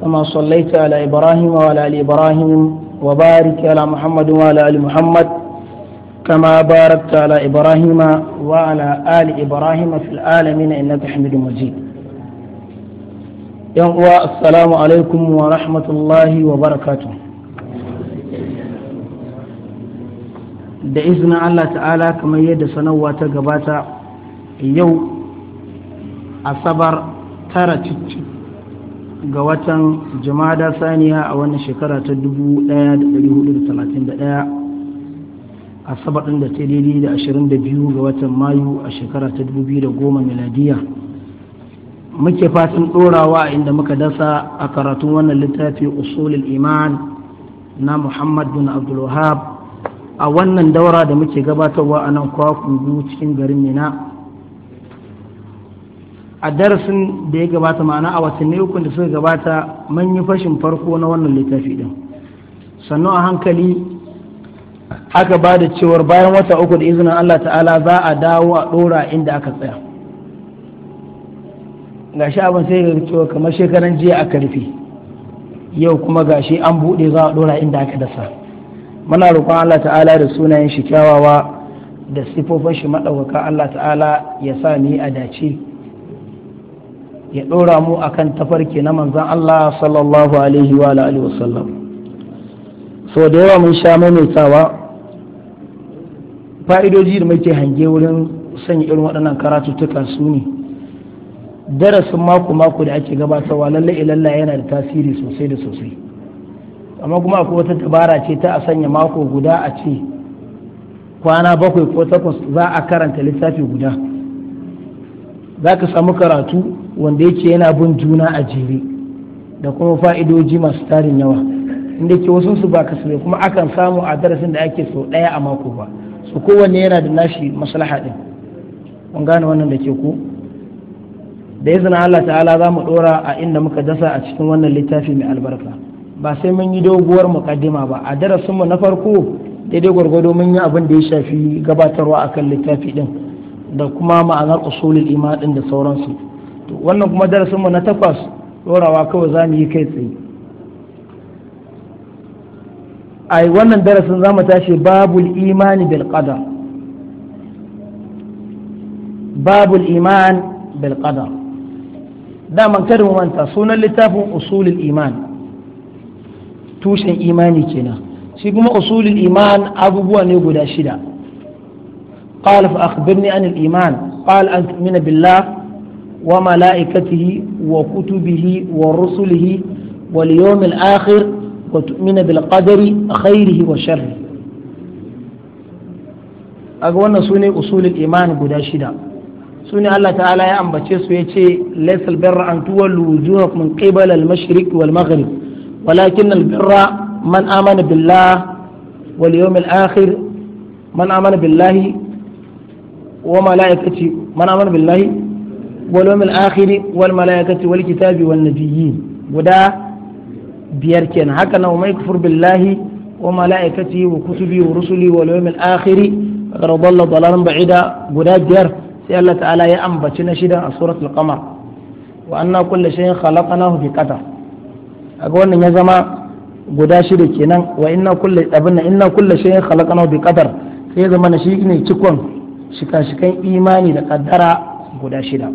كما صليت على إبراهيم وعلى آل إبراهيم وبارك على محمد وعلى آل محمد كما باركت على إبراهيم وعلى آل إبراهيم في العالمين إنك حميد مجيد يوم السلام عليكم ورحمة الله وبركاته da izinin Allah ta'ala kamar yadda sanarwa ta gabata yau asabar tara cicci ga watan jumada saniya a wannan shekara ta 1431 a sabadin da ta daidai da 22 ga watan mayu a shekara ta 2010 miladiya muke fatan ɗorawa inda muka dasa a karatun wannan littafi usulul iman na muhammad bin abdulwahab a wannan daura da muke gabatarwa a nan kwakungu cikin garin mina a darasin da ya gabata ma'ana a watanni uku da suka gabata mun yi fashin farko na wannan littafi din sannu a hankali aka ba da cewar bayan wata uku da izinin Allah ta'ala za a dawo a ɗora inda aka tsaya ga shi abin sai ga cewa kamar shekaran jiya a rufe yau kuma ga shi an buɗe za a ɗora inda aka dasa muna roƙon Allah ta'ala da sunayen shi kyawawa da sifofin shi maɗaukaka Allah ta'ala ya sa ni a dace ya ɗora mu a kan tafarki na manzan Allah sallallahu alaihi wa alihi wasallam so da yawa mun sha maimaitawa fa'idoji da muke hange wurin sanya irin waɗannan karatuttuka su ne darasin mako-mako da ake gabatarwa lallai ilalla yana da tasiri sosai da sosai amma kuma akwai wata dabara ce ta a sanya mako guda a ce kwana bakwai ko takwas za a karanta littafi guda za ka samu karatu wanda yake yana bin juna a jere da kuma fa'idoji masu tarin yawa inda ke wasu su ba kasu kuma akan samu a darasin da ake sau ɗaya a mako ba su kowanne yana da nashi maslaha din. kun gane wannan da ke ku da izinin Allah ta'ala za mu ɗora a inda muka dasa a cikin wannan littafi mai albarka ba sai mun yi doguwar muƙaddima ba a darasin mu na farko daidai gwargwado mun yi abin da ya shafi gabatarwa akan littafi din. da kuma ma'anar usulul iman din da sauransu to wannan kuma darasinmu na takwas ɗorawa kawai za mu yi kai tsaye a wannan darasin za mu tashi babul imani bil qadar babul iman bil qadar daman kada mu manta sunan littafin usulul iman tushen imani kenan shi kuma usulul iman abubuwa ne guda shida قال فأخبرني عن الإيمان قال أن تؤمن بالله وملائكته وكتبه ورسله واليوم الآخر وتؤمن بالقدر خيره وشره أقولنا سوني أصول الإيمان قد شدا سوني الله تعالى يا أم بتشيس ويتشي ليس البر أن تولوا وجوهكم من قبل المشرق والمغرب ولكن البر من آمن بالله واليوم الآخر من آمن بالله وملائكته من آمن بالله wal yawmil akhir wal malaikati wal kitabi wan guda biyar kenan haka nan mai kufur billahi wa malaikati wa kutubi wa rusuli wal yawmil akhir qad dalla guda biyar sai Allah ta'ala ya ambaci na a suratul wa wannan ya zama guda shida kenan wa inna kullu abin nan inna kullu shay'in khalaqnahu bi qadar sai zama na shi ne cikon shika-shikan imani da kaddara guda shida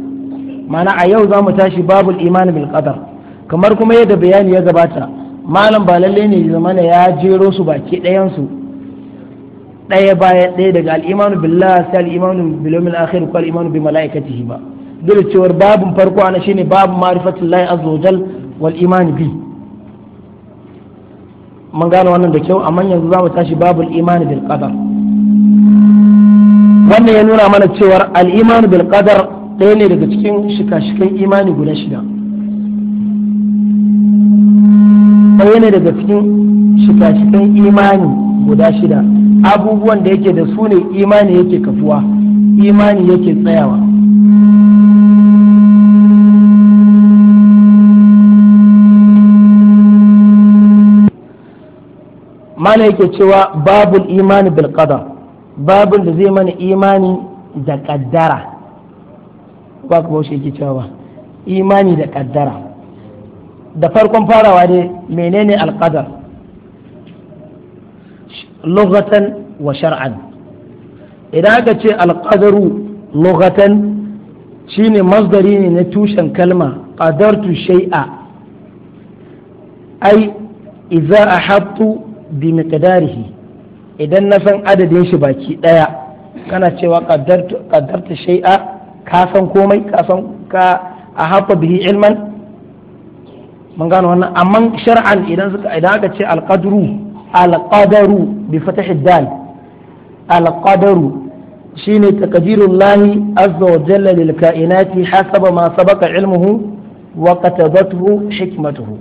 mana a yau za mu tashi babu imani bil qadar kamar kuma yadda bayani ya gabata malam ba lalle ne zamana ya jero su baki ɗayan su ɗaya bayan ɗaya daga al'imanu billah sai al'imanu bil yawmil akhir ko al'imanu bi malaikatihi ba dole cewar babun farko ana shine babun ma'rifatullahi azza wajal wal imani bi mun gane wannan da kyau amma yanzu za mu tashi babul imani bil qadar wannan ya nuna mana cewar al-imanu bil qadar ɗaya ne daga cikin shika-shikan imani guda shida ɗaya ne daga cikin shika-shikan imani guda shida abubuwan da yake da su ne imani yake kafuwa imani yake tsayawa mana yake cewa babul imani bil qadar babul da zai mana imani da kaddara ba ka bauchi yake cewa imani da kaddara da farkon farawa ne menene alqadar lughatan wa shar'an idan aka ce alqadaru lughatan shine masdari ne na tushen kalma qadartu shay'a ai idza ahattu bi miqdarihi idan na san adadin shi baki daya kana cewa qadartu shay'a ka san komai ka san ka a hafa bihi ilman mun gano wannan amma shar'an idan suka idan aka ce alqadru alqadaru bi fatah dal alqadaru shine taqdirul lahi azza wa jalla lil kainati hasaba ma sabaqa ilmuhu wa katabathu hikmatuhu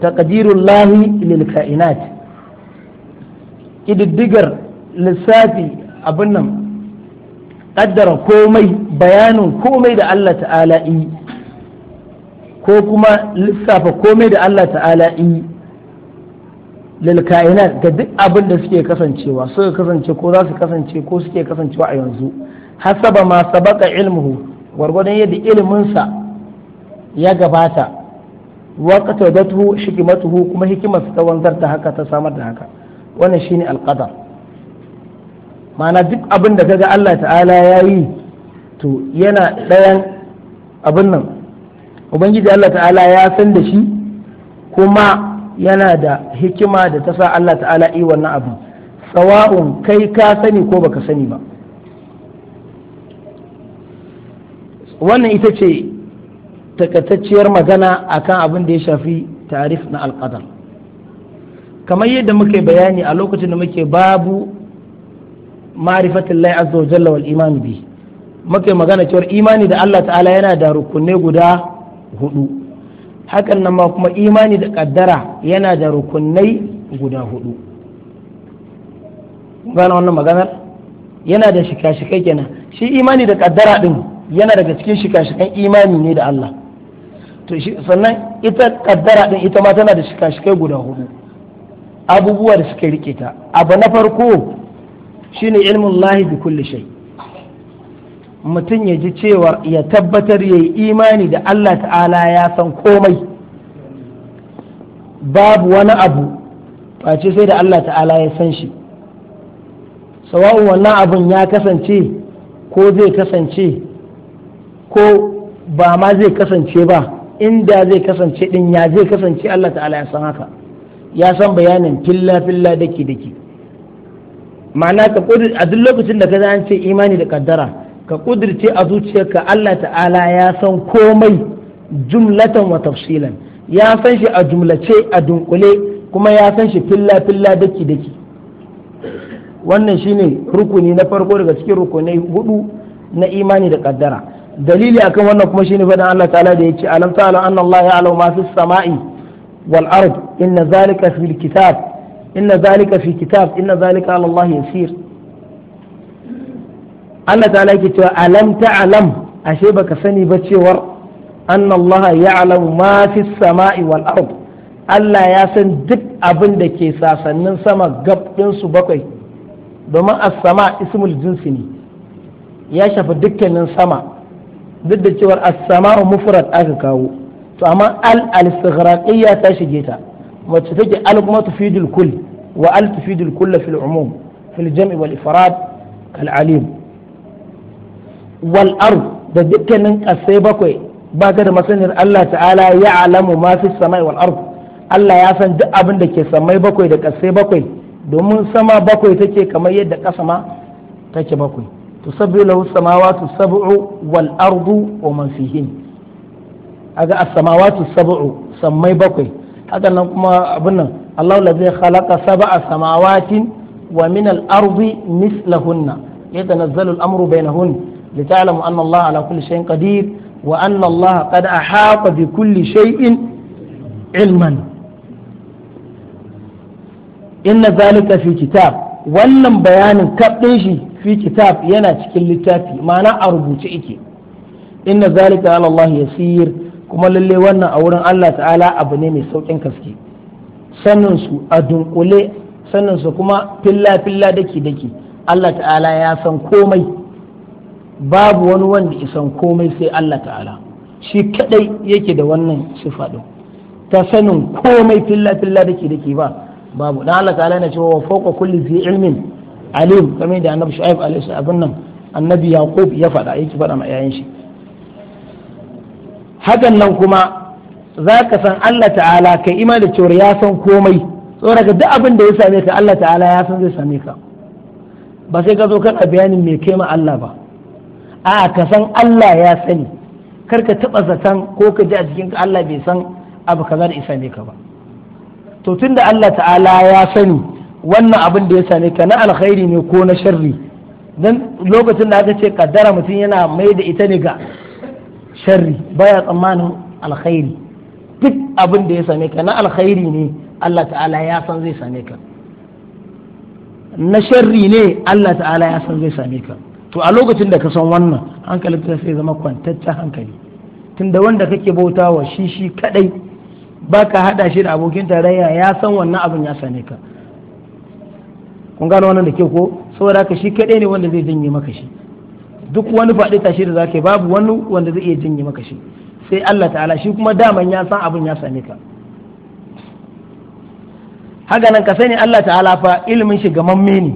taqdirul lahi lil lissafi abin nan kaddara komai bayanin komai da Allah ta'ala yi ko kuma lissafa komai da Allah ta'ala yi lalkaina ga duk abin da suke kasancewa suka kasance ko za su kasance ko suke kasancewa a yanzu hasaba ma sabaka ilmuhu gwargwadon yadda iliminsa ya gabata tuhu hikimatuhu kuma hikimarsa ta wanzar da haka ta samar da haka wannan shine alqadar ma'ana duk abin da kaga Allah ta'ala ya yi to yana ɗayan abin nan ubangiji Allah ta'ala ya san da shi kuma yana da hikima da ta sa Allah ta'ala yi wannan abu sawa'un kai ka sani ko baka sani ba wannan ita ce takatacciyar magana akan abin da ya shafi tarif na alƙadar kamar yadda muke bayani a lokacin da muke babu ma'rifatillahi azza wa jalla wal iman bi muke magana cewa imani da Allah ta'ala yana da rukunai guda hudu hakan nan ma kuma imani da kaddara yana da rukunai guda hudu gane wannan maganar yana da shika-shikai kenan shi imani da kaddara din yana daga cikin shika-shikan imani ne da Allah to sannan ita kaddara din ita ma tana da shika-shikai guda hudu abubuwa da suka rike ta abu na farko ne ilmin lahi bi kulli shay mutum ya ji cewar ya tabbatar ya yi imani da Allah ta'ala ya san komai babu wani abu face sai da Allah ta'ala ya san shi sawa'un wannan abun ya kasance ko zai kasance ko ba ma zai kasance ba inda zai kasance din ya zai kasance Allah ta'ala ya san haka ya san bayanin filla filla daki daki ma'ana ka kudir a duk lokacin da ka an ce imani da kaddara ka kudirce a zuciyarka Allah ta'ala ya san komai jumlatan wa tafsilan ya san shi a jumlace a dunkule kuma ya san shi filla filla daki daki wannan shine rukuni na farko daga cikin rukunai hudu na imani da kaddara dalili akan wannan kuma shine faɗin Allah ta'ala da yace alam ta'ala anna Allah ya'lamu ma fis sama'i wal ard inna zalika fil kitab inna zalika fi kitab inna zalika ala Allah yasir Allah ta'ala yake cewa alam ta'lam ashe baka sani ba cewar anna Allah ya'lamu ma fi samai wal ard Allah ya san duk abin da ke sasannin sama gab su bakwai domin as-sama ismul jinsi ne ya shafi dukkanin sama duk da cewar as-sama'u mufrad aka kawo to amma al al ta shige ta wacce take al kuma tufidul kulli. وأل تفيد الكل في العموم في الجمع والإفراد كالعليم والأرض da dukkanin ƙasai bakwai ba ka da masaniyar Allah ta'ala ya alamu ma fi samai wal ard Allah ya san duk abin da ke samai bakwai da ƙasai bakwai domin sama bakwai take kamar yadda ƙasa ma take bakwai to sabbi lahu samawati sab'u wal ardu wa man fihin aga as samawatu sab'u samai bakwai hakan nan kuma abin nan Allahu ladzi khalaqa sab'a samawatin wa min al-ardi mislahunna yatanazzalu al-amru bainahun lita'lamu anna Allah ala kulli shay'in qadir wa anna kada qad ahata bi kulli shay'in ilman inna zalika fi kitab wannan bayanin kaɗin shi fi kitab yana cikin littafi ma'ana a rubuce ike inna zalika ala Allah yasir kuma lallai wannan a wurin Allah ta'ala abu ne mai saukin gaske sanin su a dunkule sanin kuma filla filla daki daki Allah ta'ala ya san komai babu wani wanda isan komai sai Allah ta'ala shi kadai yake da wannan sifa din ta sanin komai filla filla daki daki ba babu dan Allah ta'ala na cewa fawqa kulli fi ilmin alim kamar da annabi shu'aib alaihi salam nan annabi yaqub ya faɗa yake faɗa ma yayin shi hakan nan kuma za ka san Allah ta'ala kai ima da cewar ya san komai saboda duk abin da ya same ka Allah ta'ala ya san zai same ka ba sai ka zo kan bayanin me kai ma Allah ba a ka san Allah ya sani kar ka taba zaton ko ka ji a jikin ka Allah bai san abu kaza da isa same ka ba to tunda Allah ta'ala ya sani wannan abin da ya same ka na alkhairi ne ko na sharri dan lokacin da aka ce kaddara mutum yana mai da ita ne ga sharri baya tsammanin alkhairi duk abin da ya same ka na alkhairi ne Allah ta'ala ya san zai same ka na sharri ne Allah ta'ala ya san zai same ka to a lokacin da ka san wannan hankali ta sai zama kwantaccen hankali tunda wanda kake bauta wa shi shi kadai baka hada shi da abokin tarayya ya san wannan abin ya same ka kun gano wannan da ke ko saboda ka shi kadai ne wanda zai janye maka shi duk wani faɗi tashi da zaka babu wani wanda zai iya janye maka shi sai Allah ta'ala shi kuma daman ya san abin ya same ka haka nan ka sani Allah ta'ala fa ilmin shi mamme ne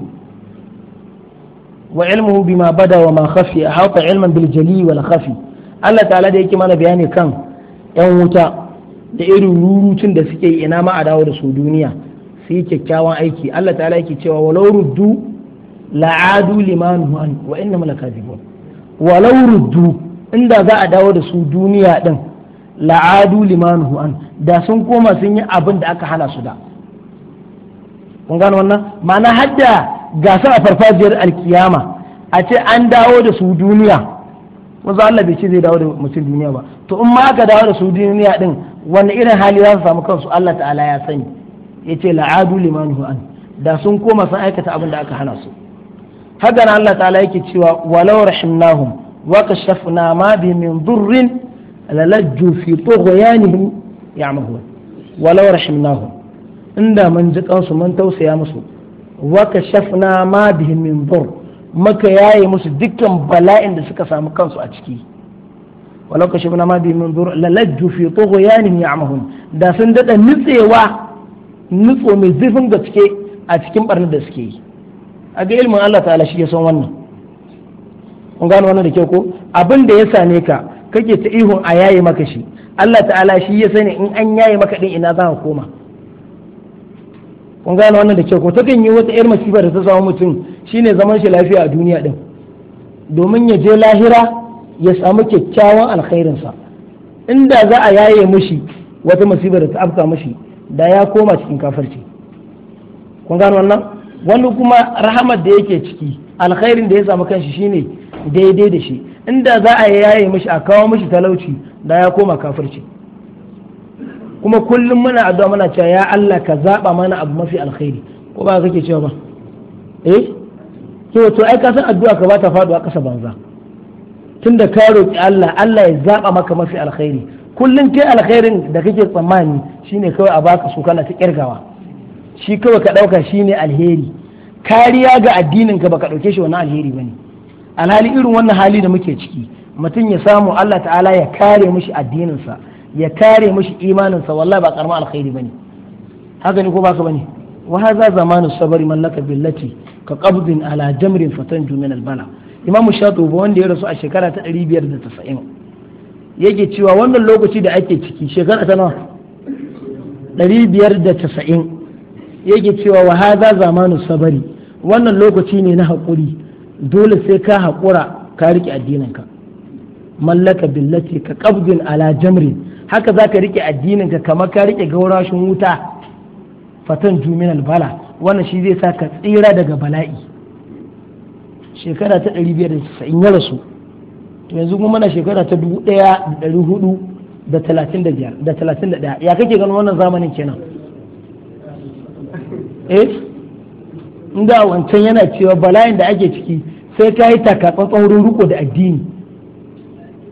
wa ilmuhu bima bada wa ma khafi hauka ilman bil jali wal khafi Allah ta'ala da yake mana bayani kan yan wuta da irin rurutun da suke ina ma a dawo da su duniya su yi kyakkyawan aiki Allah ta'ala yake cewa walau ruddu la'adu liman wa inna malakazibun walau ruddu inda za a dawo da su duniya din la'adu limanuhu an da sun koma sun yi abin da aka hana su da kun gano wannan ma'ana hadda gasa a farfajiyar alkiyama a ce an dawo da su duniya wanzu Allah bai ce zai dawo da mutum duniya ba to in ma aka dawo da su duniya din wani irin hali za su samu kansu Allah ta'ala ya sani ya ce la'adu limanuhu an da sun koma sun aikata abin da aka hana su haka Allah ta'ala yake cewa walau rahimnahum وكشفنا ما به من ضر للجوا في طغيانهم يعمهون ولو رحمناهم إن من جكانس من توسي مسو وكشفنا ما به من ضر maka yaye musu dukkan bala'in da suka samu kansu a ciki walau ka shibna ma bi min dur lalajju fi tughyanin ya'mahun da sun dada nutsewa nutso mai zurfin suke a cikin ɓarnar da suke yi a ga ilmin Allah ta'ala shi ya san wannan kun gano wannan da kyau ko abin da ya same ka kake ta ihun a yaye maka shi Allah ta'ala shi ya sani in an yaye maka din ina za ka koma kun gano wannan da kyau ko takan yi wata yar masifa da ta samu mutum shine zaman shi lafiya a duniya din domin ya je lahira ya samu kyakkyawan alkhairinsa inda za a yaye mushi wata masifa da ta afka mushi da ya koma cikin kafirci kun gano wannan wani kuma rahamar da yake ciki alkhairin da ya samu kanshi shine daidai da shi inda za a yaye mishi a kawo mishi talauci da ya koma kafirci kuma kullum muna addu'a muna cewa ya Allah ka zaba mana abu mafi alkhairi ko ba kake cewa ba eh to to ai ka san addu'a ka ba ta faduwa kasa banza tunda ka roki Allah Allah ya zaba maka mafi alkhairi kullum kai alkhairin da kake tsammani shine kawai a baka su kana ta kirgawa shi kawai ka dauka shine alheri kariya ga addinin ka baka dauke shi wani alheri bane alhali irin wannan hali da muke ciki mutum ya samu Allah ta'ala ya kare mishi addininsa ya kare mishi imaninsa wallahi ba karamar alkhairi bane haka ne ko ba ka bane wa hadha zamanu sabri mallaka billati ka qabdin ala jamrin fatanju min albala imamu shatubi wanda ya rasu a shekara ta 590 yake cewa wannan lokaci da ake ciki shekara ta nawa 590 yake cewa wa hadha zamanu sabri wannan lokaci ne na haƙuri dole sai ka haƙura ka riƙe addininka mallaka billati ka qabdin ala jamri haka za ka riƙe addininka kamar ka riƙe gaurashin wuta fatan juminal bala wannan shi zai sa ka tsira daga bala'i shekara ta casa'in ya rasu to yanzu kuma na shekara ta 1435 ya kake ganin wannan zamanin kenan eh inda wancan yana cewa bala'in da ake ciki sai ka yi takatsantsan wurin riko da addini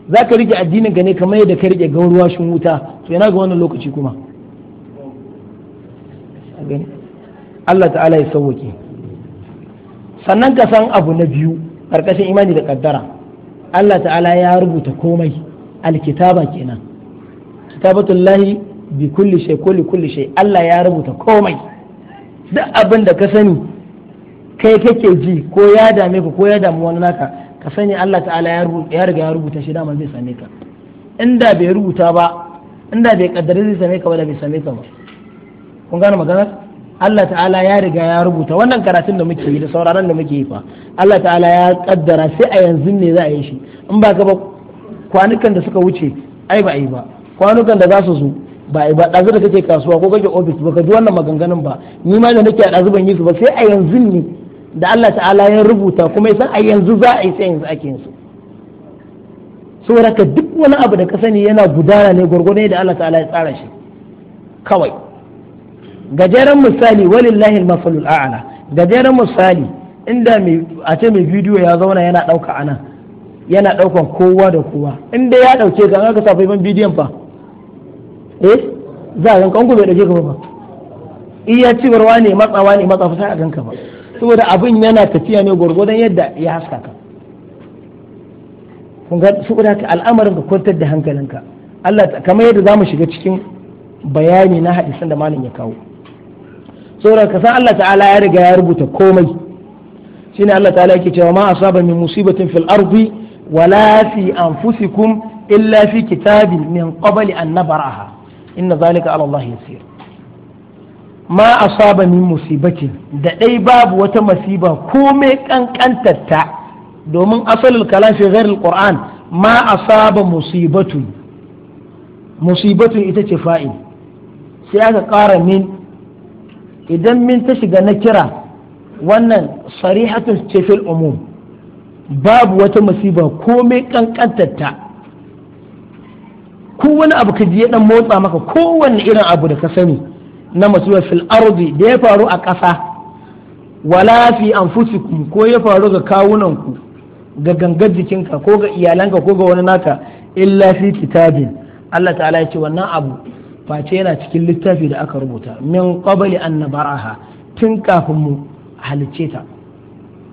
za ka rike addinin ka ne kamar yadda ka rike gauruwa shin wuta to yana ga wannan lokaci kuma Allah ta'ala ya sauwake sannan ka san abu na biyu karkashin imani da ƙaddara. Allah ta'ala ya rubuta komai alkitaba kenan kitabatullahi bi kulli shay kulli kulli shay Allah ya rubuta komai duk abin da ka sani kai kake ji ko ya dame ka ko ya damu wani naka ka sani Allah ta'ala ya riga ya rubuta shi dama zai same ka inda bai rubuta ba inda bai kaddare zai same ka ba da bai same ka ba kun gane maganar Allah ta'ala ya riga ya rubuta wannan karatun da muke yi da sauraron da muke yi fa Allah ta'ala ya kaddara sai a yanzu ne za a yi shi in ba ka ba kwanukan da suka wuce ai ba ai ba kwanukan da za su zo ba ai ba ɗazu da kake kasuwa ko kake ofis ba ka ji wannan maganganun ba ni ma da nake a ɗazu ban yi su ba sai a yanzu ne da Allah ta'ala ya rubuta kuma ya san a yanzu za a yi sai yanzu ake su saboda ka duk wani abu da ka sani yana gudana ne gwargwado da Allah ta'ala ya tsara shi kawai gajeren misali walillahi al-mafalul a'la gajeren misali inda mai a ce mai bidiyo ya zauna yana dauka ana yana daukan kowa da kowa inda ya dauke ka aka sa faifan bidiyon fa eh za a ganka an gobe dauke ka ba iya cibarwa ne matsawa ne matsafa sai a ganka ba saboda abin yana tafiya ne gwargwadon yadda ya haska ka kun ga saboda ka al'amarin ka kwantar da hankalinka Allah kamar yadda zamu shiga cikin bayani na hadisan da malam ya kawo saboda ka san Allah ta'ala ya riga ya rubuta komai shine Allah ta'ala yake cewa ma asaba min musibatin fil ardi wala fi anfusikum illa fi kitabin min qabli an nabaraha inna zalika ala Allah yasir ma asaba min musibati da ɗai babu wata masiba komai ƙanƙantarta domin asalin kalam fi ghairil qur'an ma asaba musibatu musibatu ita ce fa'il sai aka ƙara min idan min ta shiga na kira wannan sarihatun ce fil umum babu wata masiba komai ƙanƙantarta ko wani abu ka ya ɗan motsa maka kowanne irin abu da ka sani na masu fil ardi da ya faru a ƙasa wala fi anfusikum ko ya faru ga kawunanku ga gangar jikinka ko ga iyalanka ko ga wani naka illa fi kitabin Allah ta'ala ya ce wannan abu face yana cikin littafi da aka rubuta min qabli an nabaraha tun kafin mu halicce ta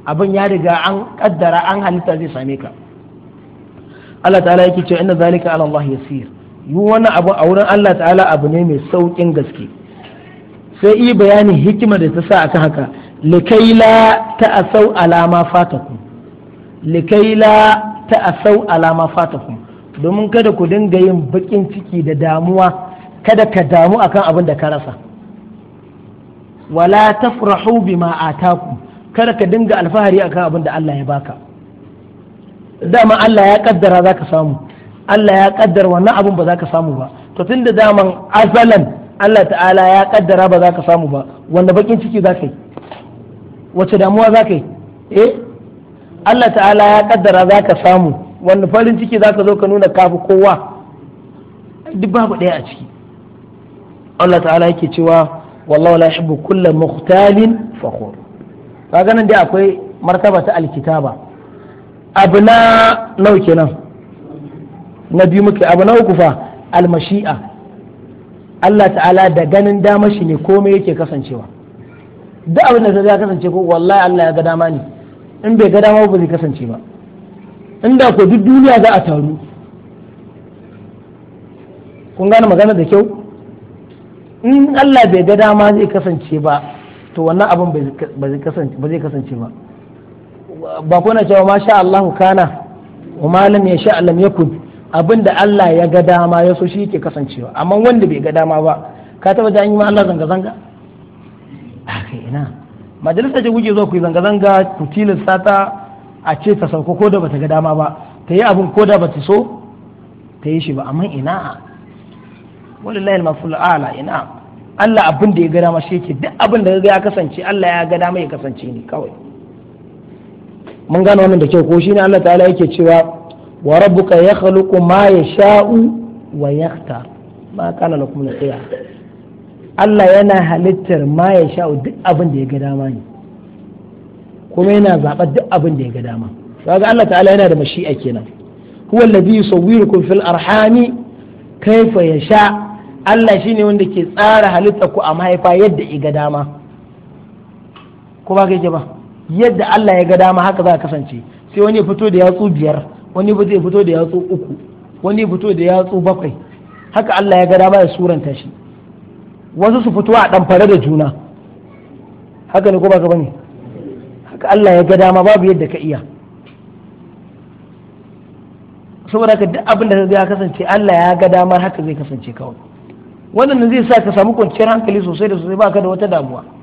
abin ya riga an kaddara an halitta zai same ka Allah ta'ala ya cewa inna zalika ala Allah yasir yi wannan abu a wurin Allah ta'ala abu ne mai saukin gaske sai yi bayanin hikima da ta sa aka haka likaila ta asau alama fataku likaila ta asau alama fataku domin kada ku dinga yin bakin ciki da damuwa kada ka damu akan abin da ka rasa wala tafrahu bima ataku kada ka dinga alfahari akan abin da Allah ya baka dama Allah ya kaddara zaka samu Allah ya kaddara wannan abin ba za samu ba to tunda daman azalan Allah ta'ala ya kaddara ba za ka samu ba wanda bakin ciki za ka yi wace damuwa za ka yi eh Allah ta'ala ya kaddara za ka samu wanda farin ciki za ka zo ka nuna kafi kowa duk babu ɗaya a ciki Allah ta'ala yake cewa wallahu la yuhibbu kulla mukhtalin fakhur kaga nan dai akwai martaba ta alkitaba abu na nau kenan na biyu muke abu na uku fa almashi'a Allah ta'ala da ganin dama shi ne komai yake kasancewa duk abin da zai kasance ko wallahi Allah ya ga dama ne in bai ga dama ba zai kasance ba inda ko duk duniya za a taru kun gane magana da kyau in Allah bai ga dama zai kasance ba to wannan abin ba zai kasance ba ba kuna cewa ma sha kana wa malam ya yasha ya kudu abin da Allah ya ga dama ya so shi yake kasancewa amma wanda bai ga dama ba ka taba ji an yi ma Allah zanga zanga kai ina majalisa ce kuke zo ku yi zanga zanga ku tilasta ta a ce ta sauko ko da bata ga dama ba ta yi abin ko da bata so ta yi shi ba amma ina wallahi al ala ina Allah abin da ya ga dama shi yake duk abin da ya kasance Allah ya ga dama ya kasance ne kawai mun gano wannan da kyau ko shine Allah ta'ala yake cewa wa rabbuka yakhluqu ma yasha'u wa yakhtar ma kana lakum nasiha Allah yana halittar ma ya sha'u duk abin da ya ga dama ne kuma yana zaɓar duk abin da ya ga dama kaga Allah ta'ala yana da mashi'a kenan huwa allazi yusawwirukum fil arhami kaifa yasha' Allah shi ne wanda ke tsara halitta ku a mahaifa yadda i ga dama ko ba kai ba yadda Allah ya ga dama haka za ka kasance sai wani ya fito da yatsu biyar wani ba zai fito da yatsu uku wani fito da yatsu bakwai haka Allah ya ga dama ya suranta shi wasu su fito a ɗanfare da juna haka ne ko baka bane haka Allah ya ga dama babu yadda ka iya saboda haka duk abin da zai kasance Allah ya ga dama haka zai kasance kawai wannan zai sa ka samu kwanciyar hankali sosai da sosai baka da wata damuwa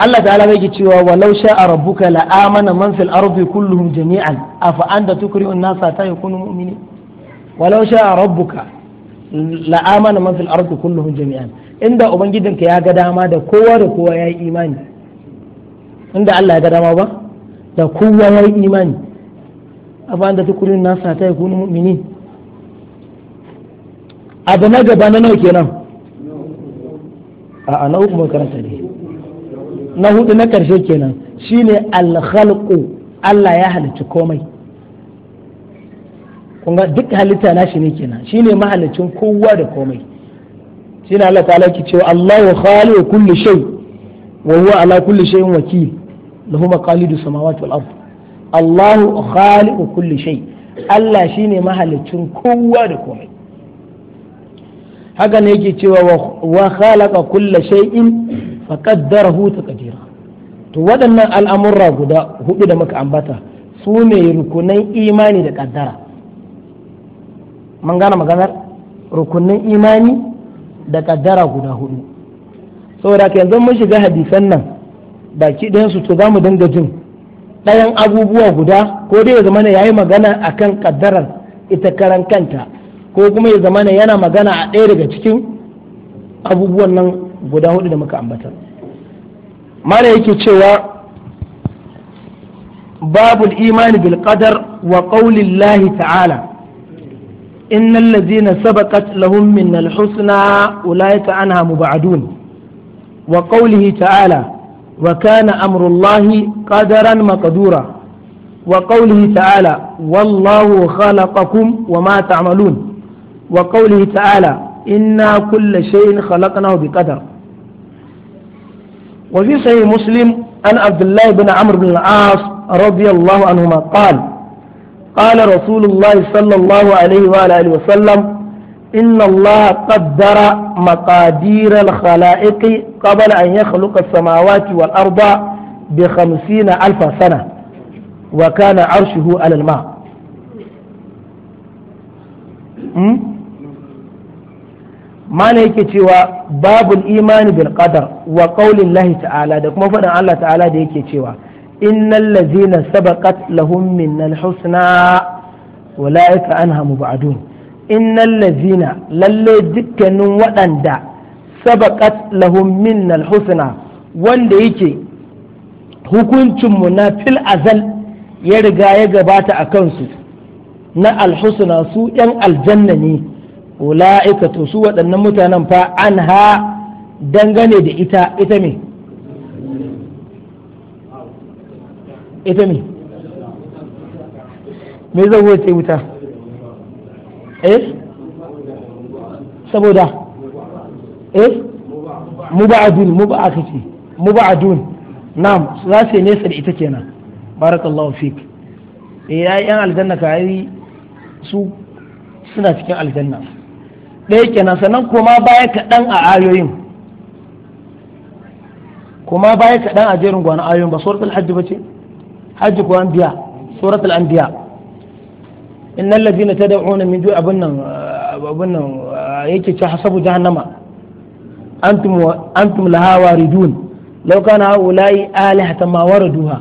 Allah ta'ala yake cewa walau sha'a rabbuka la amana man fil ardi kulluhum jami'an afa anta tukri'un nasa ta yakunu mu'minin walau sha'a rabbuka la amana man fil ardi kulluhum jami'an inda ubangijinka ya ga dama da kowa da kowa yayi imani inda Allah ya ga dama ba da kowa yayi imani afa anta tukri'un nasa ta yakunu mu'minin abu na gaba na nawa kenan a'a na uku mun karanta ne na hudu na karshe kenan shine al Allah ya halicci komai kun ga duk halitta nashi ne kenan shine mahalicin kowa da komai shine Allah ta'ala yake cewa Allahu khaliqu kulli shay wa huwa ala kulli shay'in wakil lahu maqalidu samawati wal ard Allahu khaliqu kulli shay Allah shine mahalicin kowa da komai haka ne yake cewa wa khalaqa kulli shay'in faqaddarahu to waɗannan al'amurra guda hudu da muka ambata su ne rukunan imani da ƙaddara man gane maganar rukunan imani da ƙaddara guda hudu saboda ka yanzu mun shiga hadisan nan baki ɗayansu to za mu dinga jin ɗayan abubuwa guda ko dai ya zamana ya yi magana a kan ƙaddarar ita karan kanta ko kuma ya zamana yana magana a ɗaya daga cikin abubuwan nan guda hudu da muka ambata. mana yake cewa babul imani bil qadar wa qaulillahi ta'ala innal ladzina sabaqat lahum min al husna ulaika anha mubadun wa qawlihi ta'ala wa kana amrullahi qadaran maqdura وقوله تعالى والله خلقكم وما تعملون وقوله تعالى إنا كل شيء خلقناه بقدر وفي صحيح مسلم عن عبد الله بن عمرو بن العاص رضي الله عنهما قال قال رسول الله صلى الله عليه وعلى اله وسلم إن الله قدر مقادير الخلائق قبل أن يخلق السماوات والأرض بخمسين ألف سنة وكان عرشه على الماء mana yake cewa babu imani bil qadar wa qaulin lahi ta'ala da kuma faɗin Allah ta'ala da yake cewa innal ladzina sabaqat lahum minnal husna ulaika anha mubadun innal ladzina lalle dukkanin waɗanda sabaqat lahum minnal husna wanda yake hukuncin mu na fil azal ya riga ya gabata a kansu na alhusna su yan aljanna ne ula'ika to su waɗannan mutanen fa an ha dangane da ita ita me ita me me zai wuce wuta eh saboda eh mubadun mubakati mubadun na'am za su nesa da ita kenan barakallahu fik eh yan aljanna ka yi su suna cikin aljanna ɗaya kenan sannan kuma baya kaɗan a ayoyin kuma baya kaɗan a jerin gwanon ayoyin ba suratul hajji ba ce hajji ko biya suratul na innal ladina tad'una min du'a abun nan abun nan yake ce hasabu jahannama antum antum laha waridun law kana ulai alihata ma waraduha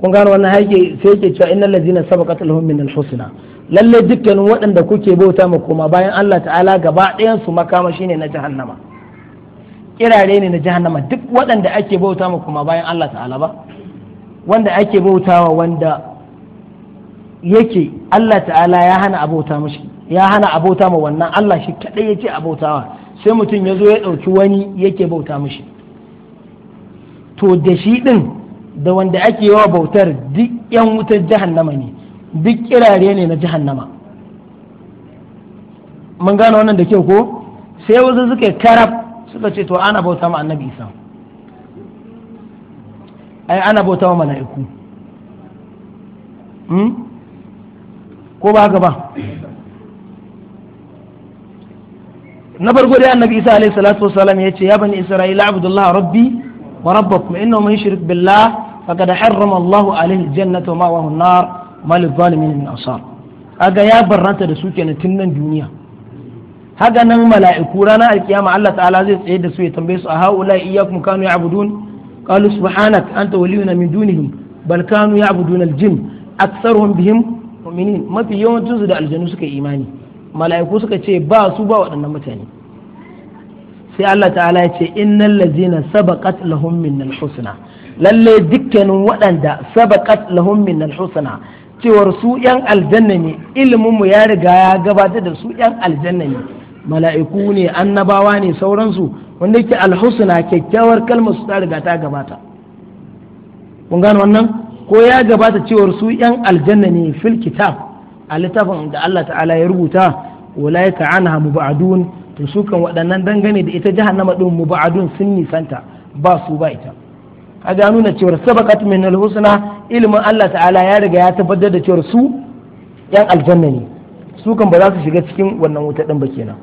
kun gano wannan haike sai yake cewa innal na sabaqat lahum min al-husna lalle dukkanin waɗanda kuke bauta ma koma bayan Allah ta'ala gaba ɗayan su makama shine na jahannama kirare ne na jahannama duk waɗanda ake bauta ma koma bayan Allah ta'ala ba wanda ake bautawa wanda yake Allah ta'ala ya hana abota mashi ya hana abota ma wannan Allah shi kadai yake abotawa sai mutum ya zo ya ɗauki wani yake bauta mashi to da shi ɗin da wanda ake yawa bautar duk 'yan wutar jahannama ne duk kirare ne na jahannama mun gane wannan da kyau ko sai wasu suka karab suka ce to ana bauta ma annabi isa ai ana bauta ma mala'iku hmm? ko ba haka ba na farko dai annabi isa alaihi salatu wasalam ya ce ya bani isra'ila abdullah rabbi wa rabbakum innahu man yushrik billah faqad harrama allah alaihi jannata wa ma'wahu an-nar malil zalimin min asar aga ya barranta da su kenan tun nan duniya haga nan mala'iku ranar alkiyama Allah ta'ala zai tsaye da su ya tambaye su a haula iyyakum kanu ya'budun qalu subhanak anta waliyuna min dunihim bal kanu ya'budun aljin aktsaruhum bihim mu'minin mafi yawancin su da aljanu suka imani mala'iku suka ce ba su ba waɗannan mutane sai Allah ta'ala ya ce innal ladzina sabaqat lahum minnal husna lalle dukkanin waɗanda sabaqat lahum minnal husna cewar su yan aljanna ne ilimin mu ya riga ya gabatar da su yan aljanna ne mala'iku ne annabawa ne sauransu wanda yake alhusna kyakkyawar kalmar su ta riga ta gabata kun gano wannan ko ya gabata cewar su yan aljanna ne fil kitab a littafin da Allah ta'ala ya rubuta ulaika anha mubadun to su kan waɗannan dangane da ita jahannama din mubadun sun nisanta ba su ba ita kaga nuna cewar sabakat min alhusna ilimin Allah ta'ala ya riga ya tabbatar da cewar su yan aljanna ne su kan ba za su shiga cikin wannan wuta din ba kenan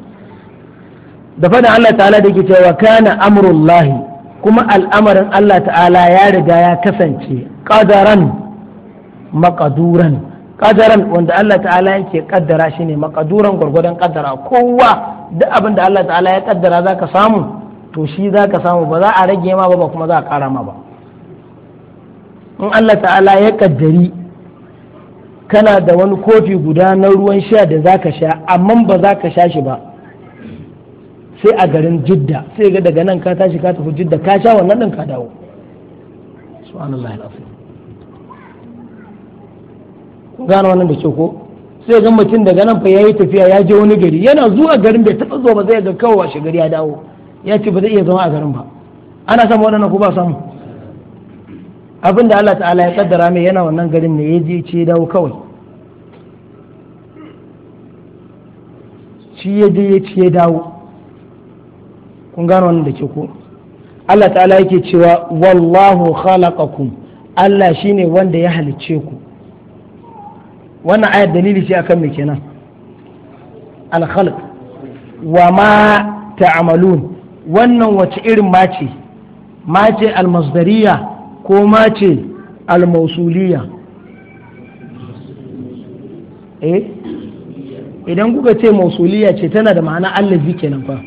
da faɗin Allah ta'ala da ke cewa kana amrullahi kuma al'amarin Allah ta'ala ya riga ya kasance qadaran maqduran qadaran wanda Allah ta'ala yake kaddara shi ne maqduran gwargwadon kaddara kowa duk abin da Allah ta'ala ya kaddara zaka samu to shi zaka samu ba za a rage ma ba kuma za a kara ma ba in Allah ta'ala ya kaddari kana da wani kofi guda na ruwan sha da za ka sha amma ba za ka sha shi ba sai a garin jidda sai ga daga nan ka tashi ka tafi jidda ka sha wannan ɗin ka dawo gano wannan da ke ko sai ga mutum daga nan fa yayi tafiya ya je wani gari yana zuwa garin bai taɓa zuwa ba zai ga kawo washe gari ya dawo ya ce ba zai iya zama a garin ba ana samu waɗannan ko ba samu abin da Allah ta'ala ya kaddara mai yana wannan garin ne ya je ce dawo kawai shi ya je ya ce dawo kun gano wannan da ke ko Allah ta'ala yake cewa wallahu khalaqakum Allah shine wanda ya halicce ku wannan ayat dalili ce akan me kenan al khalq wa ma ta'malun wannan wace irin mace mace al masdariya ko ma ce almausuliya eh idan kuka ce mausuliya ce tana da ma'ana allazi kenan fa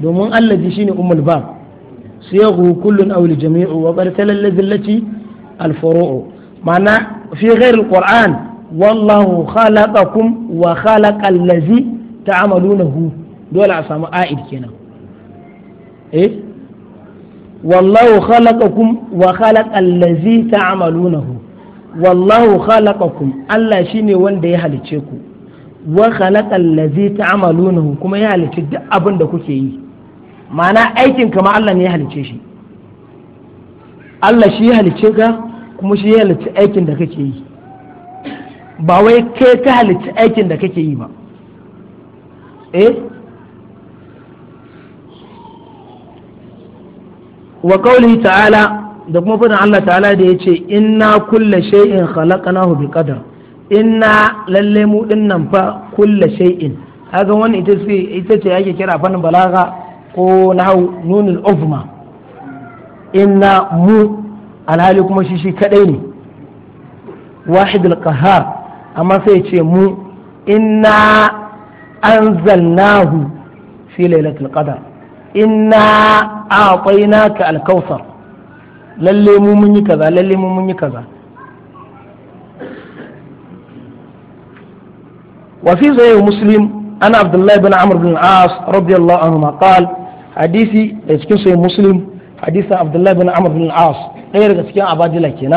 domin allazi shine ummul bab siyahu kullun aw al jami'u wa bartala allati al furu'u ma'ana fi ghairi al qur'an wallahu khalaqakum wa khalaqa allazi ta'malunahu dole a samu a'id kenan eh wallahu khalaqakum wa khalaqal ladzi ta'malunahu wallahu khalaqakum Allah shine wanda ya halice ku wa khalaqal ladzi ta'malunahu kuma ya halice duk abin da kuke yi mana aikin kama Allah ne ya halice shi Allah shi ya halice ka kuma shi ya halice aikin da kake yi ba wai kai ka halice aikin da kake yi ba eh wa ta'ala da kuma fadin Allah ta'ala da yace inna kulla shay'in khalaqnahu bi qadar inna lalle mu dinnan fa kulla shay'in kaga wannan ita ce ita ce yake kira fannin balaga ko nahwu nunul uzma inna mu alhali kuma shi shi kadai ne wahidul qahar amma sai ce mu inna anzalnahu fi lailatul qadar inna a'tainaka al-kautsar lalle mu mun yi kaza lalle mu mun yi kaza وفي زي مسلم أنا عبد الله بن عمرو بن العاص رضي الله عنهما قال حديثي لكن سي مسلم حديث عبد الله بن عمرو بن العاص غير كسكين أبادي لكن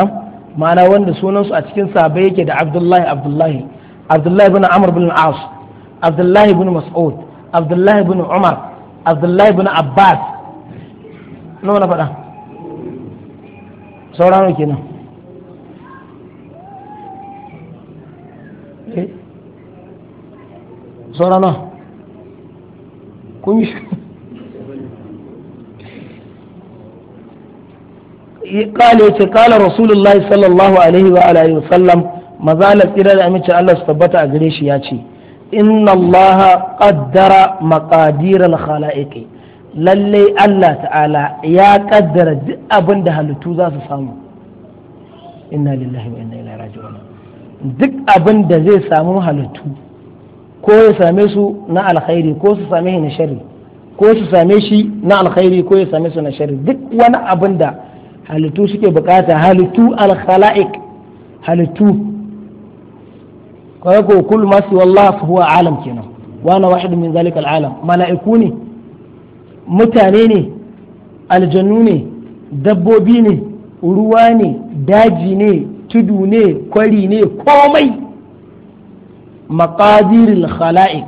معنى وند سونس أتكين سابيك دا عبد الله عبد الله عبد الله بن عمرو بن العاص عبد الله بن مسعود عبد الله بن عمر abdullahi bin abbas nawa na faɗa saurano kenan eh. saurano kun yi kala ya ce kala rasulullahi sallallahu alaihi wa alaihi wasallam mazalar da amince allah su tabbata a gare shi ya ce inna allaha qaddara maqadir al-khalaiqi lalle Allah ta'ala ya kaddara duk abin da halittu za su samu inna lillahi wa inna ilaihi raji'un duk abin da zai samu halittu ko ya same su na alkhairi ko su same shi na sharri ko su same shi na alkhairi ko ya same su na sharri duk wani abin da halittu suke bukata halittu al-khalaiq halittu kawai ko kullu ma si Allah fa huwa alam kenan wa ana wahid min zalika alam mala'iku ne mutane ne aljannu ne dabbobi ne ruwa ne daji ne tudu ne kwari ne komai maqadirul khalaiq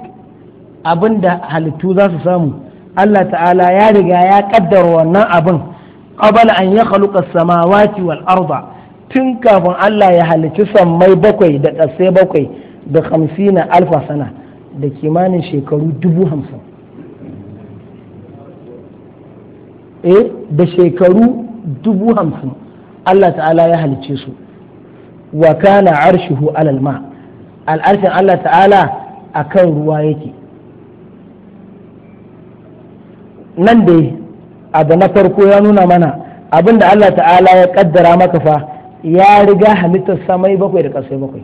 abinda halittu za su samu Allah ta'ala ya riga ya kaddara wannan abin qabala an ya as samawati wal arda tun kafin Allah ya halicci sammai bakwai da ƙasai bakwai da hamsina alfa sana da kimanin shekaru dubu hamsin eh da shekaru dubu hamsin Allah ta'ala ya halice su wa kana arshihu alal alalma? al'arshin Allah ta'ala a kan ruwa yake nan dai abu na farko ya nuna mana abinda Allah ta'ala ya kaddara maka fa ya riga halittar samai bakwai da ƙasai bakwai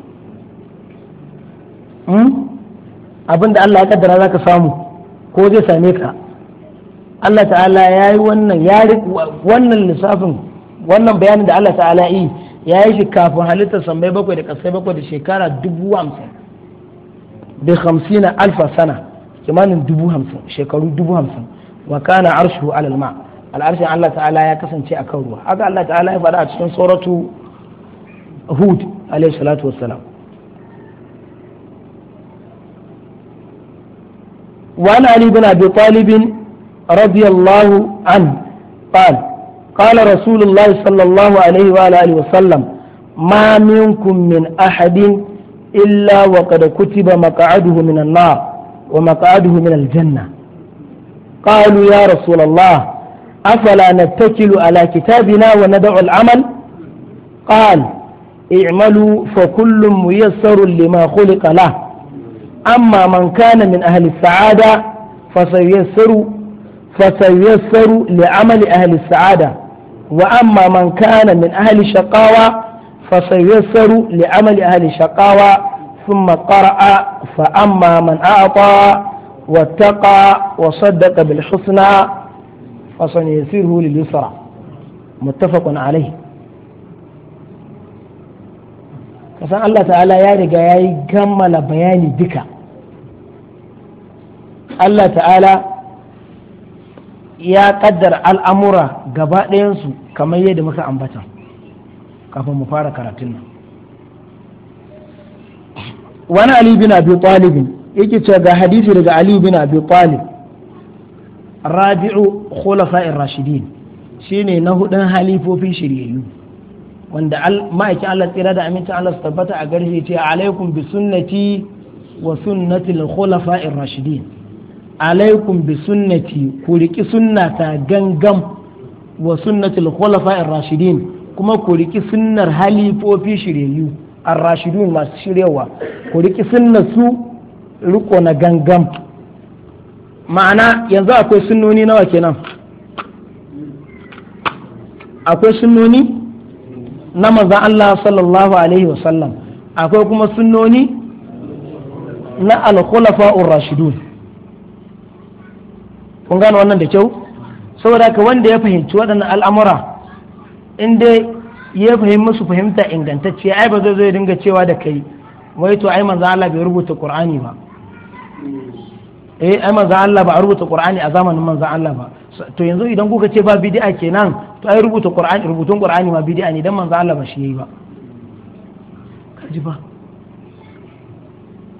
hmm? abin da Allah ya kaddara za ka samu ko zai same ka Allah ta'ala ya yi wannan wannan lissafin wannan bayanin da Allah ta'ala yi ya yi shi kafin halittar samai bakwai da ƙasai bakwai da shekara dubu hamsin hamsin na alfa sana kimanin dubu hamsin shekaru dubu hamsin wa kana arshu alal ma al'arshin Allah ta'ala ya kasance kan ruwa haka Allah ta'ala ya faɗa a cikin suratu hud alaihi salatu wassalam وعن علي بن ابي طالب رضي الله عنه قال قال رسول الله صلى الله عليه وعلى اله وسلم ما منكم من احد الا وقد كتب مقعده من النار ومقعده من الجنه قالوا يا رسول الله افلا نتكل على كتابنا وندع العمل قال اعملوا فكل ميسر لما خلق له أما من كان من أهل السعادة فسيسر فسيسر لعمل أهل السعادة وأما من كان من أهل الشقاوة فسيسر لعمل أهل الشقاوة ثم قرأ فأما من أعطى واتقى وصدق بالحسنى فسنيسره لليسرى متفق عليه kasan Allah ta'ala ya riga ya yi gammala bayani duka Allah ta'ala ya kaddar al'amura gaba ɗayansu kamar yadda muka ambata kafin mu fara karatun nan wani Ali bin Abi Talibin yake ce ga hadisi daga Ali bin Abi Talib rabi'u khulafa'ir rashidin shine na hudun halifofin shiryayyu wanda ma'aikin Allah tsira da amincin Allah su tabbata a garje ce alaikum bi sunnati wa sunnati al-khulafa'ir rashidin alaikum bi sunnati ku riki sunnata gangam wa sunnati al-khulafa'ir rashidin kuma ku riki sunnar halifofi shiryayyu ar-rashidun masu shiryawa ku riki sunnar su riko na gangam ma'ana yanzu akwai sunnoni nawa kenan akwai sunnoni na manzan Allah sallallahu alaihi wasallam akwai kuma sunnoni na alkhulafa khulafaur rashidun kun gane wannan da kyau saboda ka wanda ya fahimci waɗannan al'amura inda ya fahimci musu fahimta ingantacce ai ba zai zo ya dinga cewa da kai wai to ai manzan Allah bai rubuta Qur'ani ba eh ai manzan Allah ba a rubuta Qur'ani a zamanin manzan Allah ba to yanzu idan kuka ce ba bid'a kenan to ai rubuta qur'ani rubutun qur'ani ma bid'a ne dan manzo Allah ba shi yayi ba kaji ba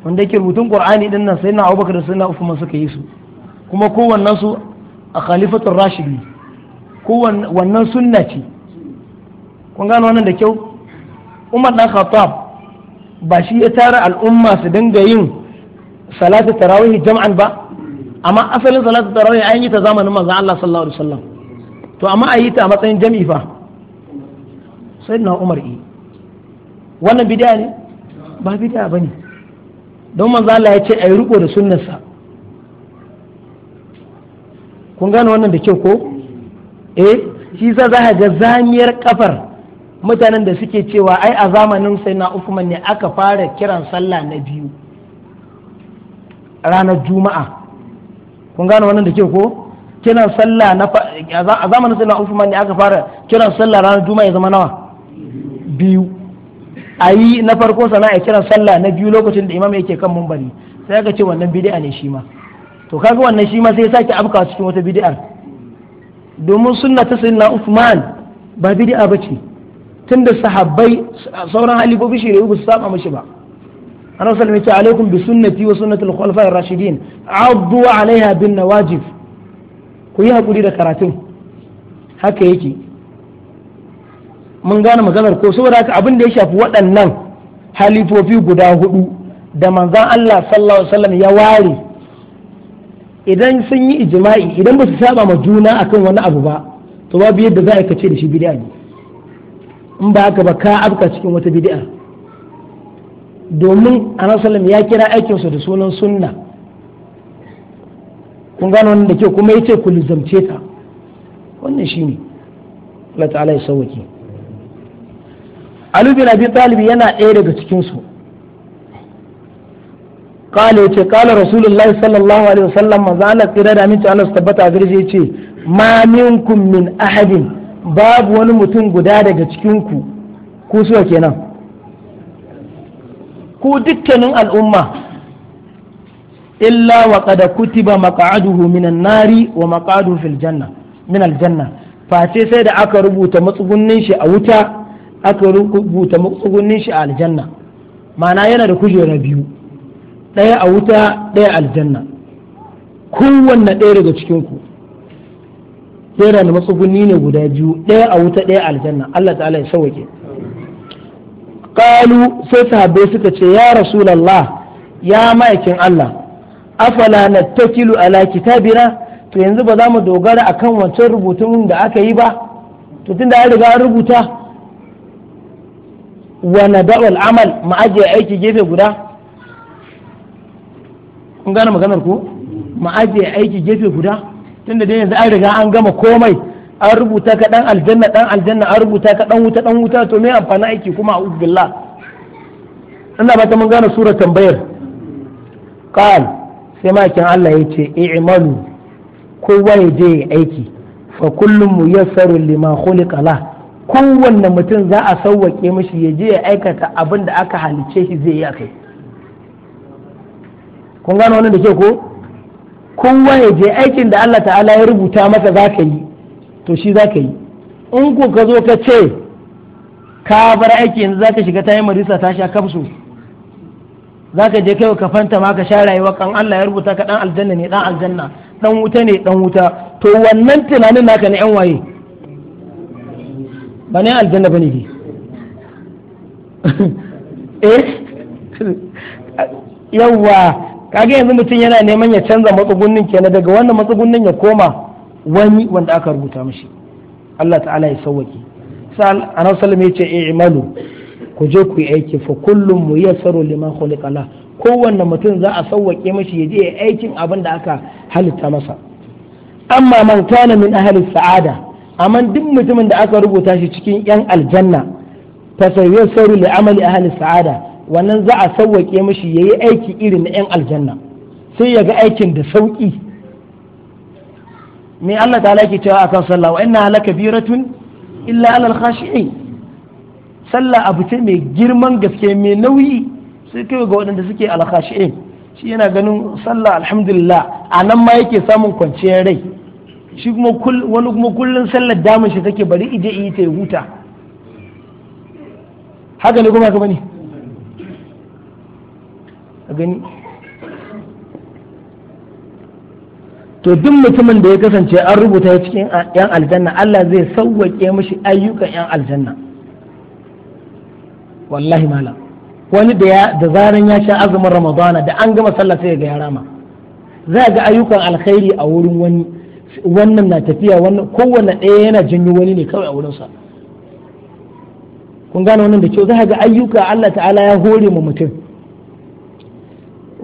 wanda yake rubutun qur'ani din nan sai na Abubakar da sai na Uthman suka yi su kuma kowannen su a khalifatul rashidi kowannen sunna ce kun gano wannan da kyau Umar dan Khattab ba shi ya tara al'umma su dinga yin salatu tarawih jam'an ba amma asalin salatu tarawih an yi ta zamanin manzo Allah sallallahu alaihi wasallam to amma a yi ta a matsayin jami'i fa sai na Umar yi eh. wannan bid'a ne ba bid'a bane don manzo Allah ya ce ayi riko da sunnarsa kun gane wannan da kyau ko eh shi za za ga zamiyar kafar mutanen da suke cewa ai a zamanin sai na Uthman ne aka fara kiran sallah na biyu ranar juma'a kun gane wannan da ke ko kina sallah na a zamanin sallah Uthman ne aka fara kiran sallah ranar juma'a ya zama nawa biyu a na farko sana a kiran sallah na biyu lokacin da imam yake kan mumbari sai aka ce wannan bid'a ne shi ma to kaga wannan shi ma sai ya sake afka cikin wata bid'a domin sunna ta sayyidina Uthman ba bid'a bace tunda sahabbai sauran halibobi shi ne ba su saba mashi ba أنا وصل عليكم بسنتي وسنة الخلفاء الراشدين عضوا عليها بالنواجف كويها قولي da karatun haka yake mun gane maganar ko saboda haka abin da ya shafi waɗannan halifofi guda hudu da manzon Allah sallallahu alaihi ya ware idan sun yi ijma'i idan basu su saba ma juna akan wani abu ba to babu yadda za a kace da shi bid'a ne in ba haka ba ka afka cikin wata bid'a domin anasalam ya kira aikinsa da sunan sunna kun gano wannan da ke kuma ya ce ku lizamce ta wannan shi ne Allah ta'ala ya sauwake Ali bin Abi Talib yana ɗaya daga cikinsu قال يتي قال رسول الله صلى الله عليه وسلم ما زال قرار أمين تعالى استبتع غريزي min ما منكم من أحد باب ونمتن cikinku. جتكينكو suwa كينا ku dukkanin al'umma illa wa kada kutiba maq'aduhu minan nari wa maqadu fil janna min aljanna face sai da aka rubuta matsugunnin shi a wuta aka rubuta matsugunnin shi a aljanna ma'ana yana da kujera biyu ɗaya a wuta ɗaya aljanna kowanne ɗaya daga cikin ku yana da matsugunni ne guda biyu ɗaya a wuta ɗaya aljanna Allah ta'ala ya sauke Ƙalu sai sahabbai suka ce ya rasulullah ya ma'aikin Allah afala nattakilu ala kitabina to yanzu ba za mu dogara a kan wancan rubutun da aka yi ba to da an riga rubuta wane da'ul amal ma ajiye aiki gefe guda kun gane maganar ku mu ajiye aiki gefe guda da dai yanzu an riga an gama komai an rubuta ka dan aljanna dan aljanna an rubuta ka dan wuta dan wuta to me amfani aiki kuma a billah ina ba ta mun gane sura tambayar qal sai makin Allah ya ce i'malu kowa ya je ya aiki fa kullum muyassaru lima khuliqa la kowanne mutum za a sauwake mishi ya je ya aikata abin da aka halice shi zai yi akai kun gane wannan da ke ko kowa ya je aikin da Allah ta'ala ya rubuta masa za ka yi to shi za ka yi in ko ka zo ka ce ka bar aiki yanzu za ka shiga ta yi marisa ta sha kafsu za ka je kai ka fanta ma ka sha rayuwa kan Allah ya rubuta ka dan aljanna ne dan aljanna dan wuta ne dan wuta to wannan tunanin naka na yan waye ba ne aljanna bane ne eh yawa kaga yanzu mutum yana neman ya canza matsugunnin kenan daga wannan matsugunnin ya koma wani wanda aka rubuta mashi Allah ta'ala ya sauwake sal annabi sallama yace ce i'malu ku je ku aiki fa kullum muyassaru liman khuliqa la kowanne mutum za a sauwake mashi ya je aikin abin da aka halitta masa amma man kana min ahli sa'ada amma duk mutumin da aka rubuta shi cikin yan aljanna fa sayassaru li amali ahli sa'ada wannan za a sauwake mashi yayi aiki irin na yan aljanna sai ya ga aikin da sauki me Allah ta yake cewa akan sallah wa inna laka biratun illa alal khashi'i sallah abu ce mai girman gaske mai nauyi sai kai ga waɗanda suke al khashi'in shi yana ganin sallah alhamdulillah a nan ma yake samun kwanciyar rai shi kuma wani kuma kullun sallar damun shi take bari ije yi ta huta haka ne kuma ka bane gani to duk mutumin da ya kasance an rubuta ya cikin yan aljanna Allah zai sauwaƙe mishi ayyukan yan aljanna wallahi mala wani da da zaran ya sha azumin ramadana da an gama sallah sai ga ya rama za ga ayyukan alkhairi a wurin wani wannan na tafiya wannan kowanne ɗaya yana janyo wani ne kawai a wurinsa kun gane wannan da kyau za ga ayyuka Allah ta'ala ya hore mu mutum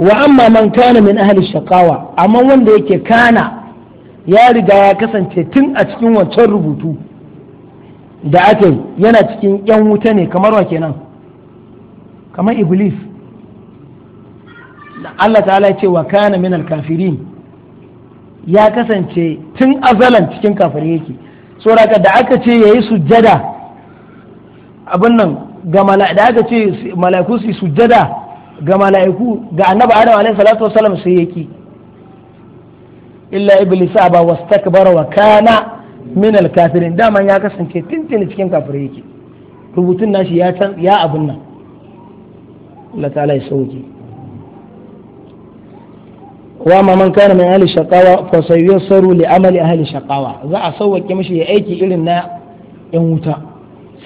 wa amma man kana min ahli shaqawa amma wanda yake kana ya riga ya kasance tun a cikin wancan rubutu da aka yana cikin yan wuta ne kamar wa kenan kamar iblis Allah ta'ala ya ce wa kana min al-kafirin ya kasance tun azalan cikin kafiri yake saboda da aka ce yayi sujjada abin nan ga da aka ce mala'iku su sujjada ga mala'iku ga annabi adam alaihi salatu wasallam sai yake illa iblis aba wastakbara wa kana min alkafirin dama ya kasance tintin cikin kafir yake rubutun nashi ya can ya abun nan Allah ta'ala ya sauke wa ma man kana min ahli shaqawa fa sayusaru li amali ahli shaqawa za a sauke mishi ya aiki irin na yan wuta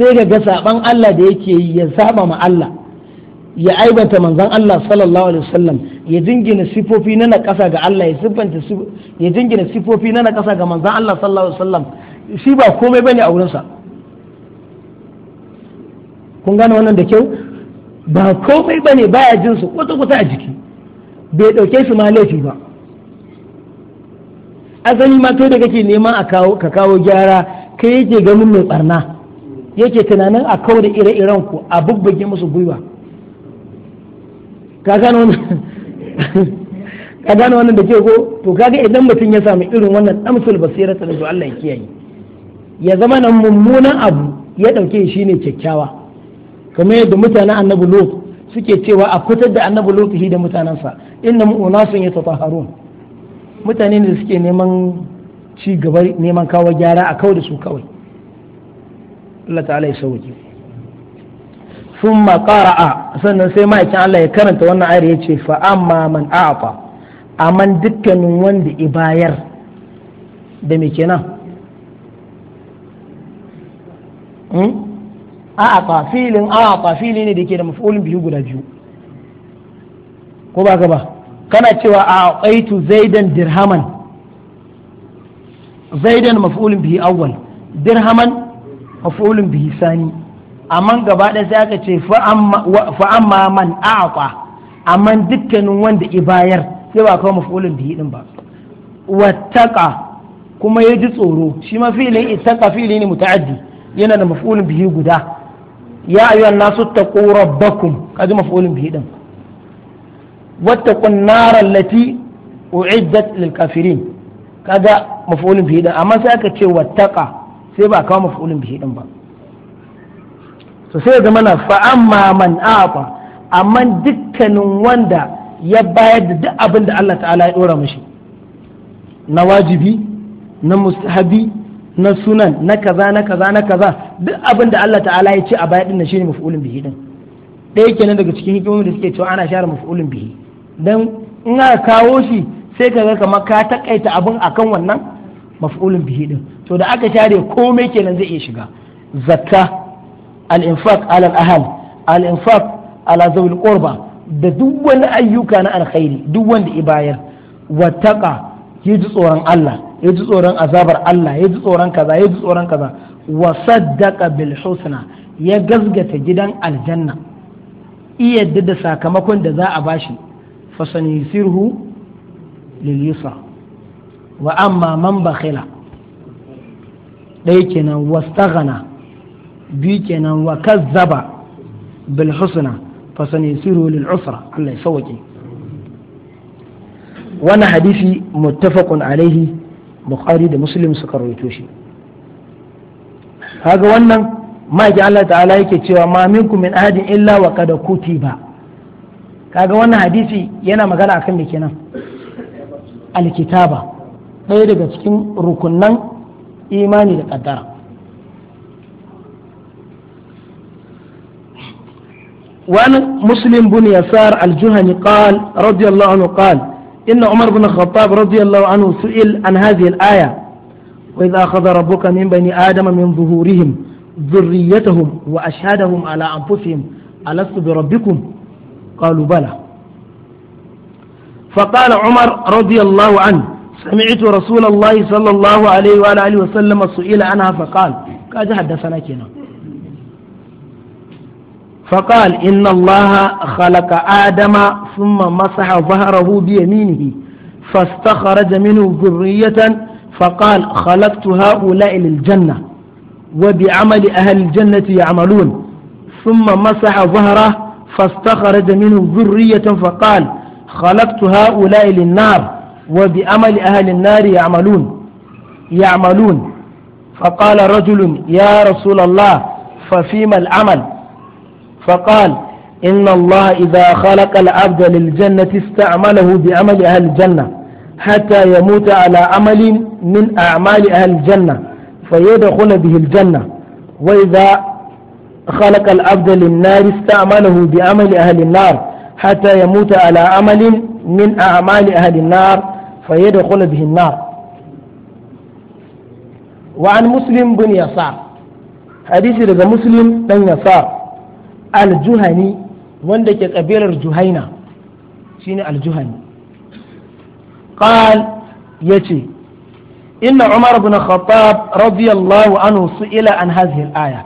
sai ga saban Allah da yake yi ya saba ma Allah ya aibanta manzan Allah sallallahu alaihi wasallam ya jingina sifofi na na kasa ga Allah ya siffanta ya jingina sifofi na na kasa ga manzan Allah sallallahu alaihi wasallam shi ba komai bane a wurinsa kun gane wannan da kyau ba komai bane baya jin su kwata kwata a jiki bai dauke su ma laifi ba asali ma kai da kake nema a kawo ka kawo gyara kai yake ganin mai barna yake tunanin a kawo da ire-iren ku a bubbuge musu gwiwa ka gano wannan da ke ko to kaga idan mutum ya samu irin wannan amsul basira ta da Allah ya kiyaye ya zama na mummunan abu ya dauke shi ne kyakkyawa kamar yadda mutanen annabi Lut suke cewa a fitar da annabi shi da mutanansa inna mu'unasun yatataharun mutane ne da suke neman ci gaba neman kawo gyara a kawo da su kawai Allah ta'ala ya sauke ثم قرأ sannan sai ma'aikin Allah ya karanta wannan ayar yace fa amma man a'ta amman dukkanin wanda i bayar da me kenan hmm a'ta filin a'ta fili ne da yake da maf'ulin biyu guda biyu ko ba ka ba kana cewa a a'taitu zaidan dirhaman zaidan maf'ulin biyu awwal dirhaman maf'ulin biyu sani amma gaba ɗaya sai aka ce fa'amma man a'aqa amma dukkanin wanda i bayar sai ba kawo mafulun bihi din ba wattaqa kuma ya ji tsoro shi ma filin ittaqa fi'ili ne muta'addi yana da mafulun bihi guda ya ayyuhan nasu taqu rabbakum kaji mafulun bihi din wattaqun nar allati u'iddat lil kafirin kaga mafulun bihi din amma sai aka ce wattaqa sai ba kawo mafulun bihi din ba to sai ga mana fa'amma man afa amma dukkanin wanda ya bayar da duk abin da Allah ta'ala ya dora mashi na wajibi na mustahabi na sunan na kaza na kaza na kaza duk abin da Allah ta'ala ya ce a bayar din shine maf'ulun bihi din ɗaya kenan daga cikin hikimomi da suke cewa ana share maf'ulun bihi dan in aka kawo shi sai ka ga kamar ka takaita abin akan wannan maf'ulun bihi din to da aka share komai kenan zai iya shiga zakka al-infaq ala al-ahal al ala da duk wani ayyuka na alkhairi duk wanda ibayar bayar wattaqa ya ji tsoron Allah ya ji tsoron azabar Allah ya ji tsoron kaza ya ji tsoron kaza wa saddaqa bil husna ya gazgata gidan aljanna iya da sakamakon da za a bashi fasanisiru lil yusra wa amma man bakhila ɗaya kenan wastaghana biyu kenan wa kazzaba bil husna fa sanisiru lil usra Allah ya sauke wannan hadisi muttafaqun alaihi bukhari da muslim suka rawaito shi kaga wannan maki Allah ta'ala yake cewa ma minkum min ahadin illa wa qad kutiba kaga wannan hadisi yana magana akan me kenan alkitaba ɗaya daga cikin rukunnan imani da ƙaddara وعن مسلم بن يسار الجهني قال رضي الله عنه قال إن عمر بن الخطاب رضي الله عنه سئل عن هذه الآية وإذا أخذ ربك من بني آدم من ظهورهم ذريتهم وأشهدهم على أنفسهم ألست بربكم قالوا بلى فقال عمر رضي الله عنه سمعت رسول الله صلى الله عليه وآله وسلم سئل عنها فقال كاد حدثنا كنا فقال إن الله خلق آدم ثم مسح ظهره بيمينه فاستخرج منه ذرية فقال خلقت هؤلاء للجنة وبعمل أهل الجنة يعملون ثم مسح ظهره فاستخرج منه ذرية فقال خلقت هؤلاء للنار وبعمل أهل النار يعملون يعملون فقال رجل يا رسول الله ففيما العمل فقال إن الله إذا خلق العبد للجنة استعمله بعمل أهل الجنة حتى يموت على عمل من أعمال أهل الجنة فيدخل به الجنة وإذا خلق العبد للنار استعمله بعمل أهل النار حتى يموت على عمل من أعمال أهل النار فيدخل به النار وعن مسلم بن يسار حديث لدى مسلم بن يسار aljuhani wanda ke kabilar juhaina shine aljuhani juhani qal yace inna umar ibn khattab radiyallahu anhu ila an hadhihi aya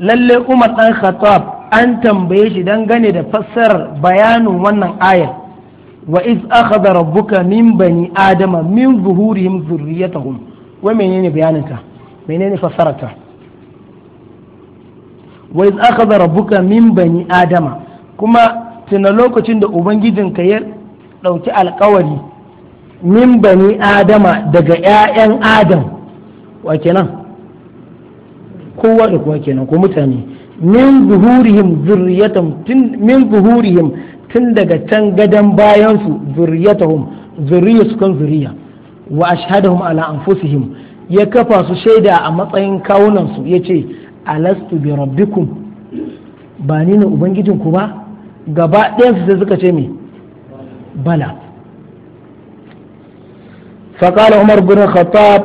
lalle umar dan khattab an tambaye shi dangane da fassarar bayanin wannan ayar wa iz akhadha rabbuka min bani adama min zuhurihim zurriyatahum wa menene bayaninta menene fassararta wa iz akhadha rabbuka min bani adama kuma tuna lokacin da ubangijinka ya dauki alkawari min bani adama daga ƴaƴan adam wa kenan kowa da kowa kenan ko mutane min zuhurihim zurriyatum tun min zuhurihim tun daga can gadan su zurriyatuhum zurriyatu kan zurriya wa ashhadahum ala anfusihim ya kafa su shaida a matsayin kawunan su yace alastu bi rabbikum ba ni ne na ku ba gaba ɗayansu sai suka ce mi bala faƙala umar bin khattab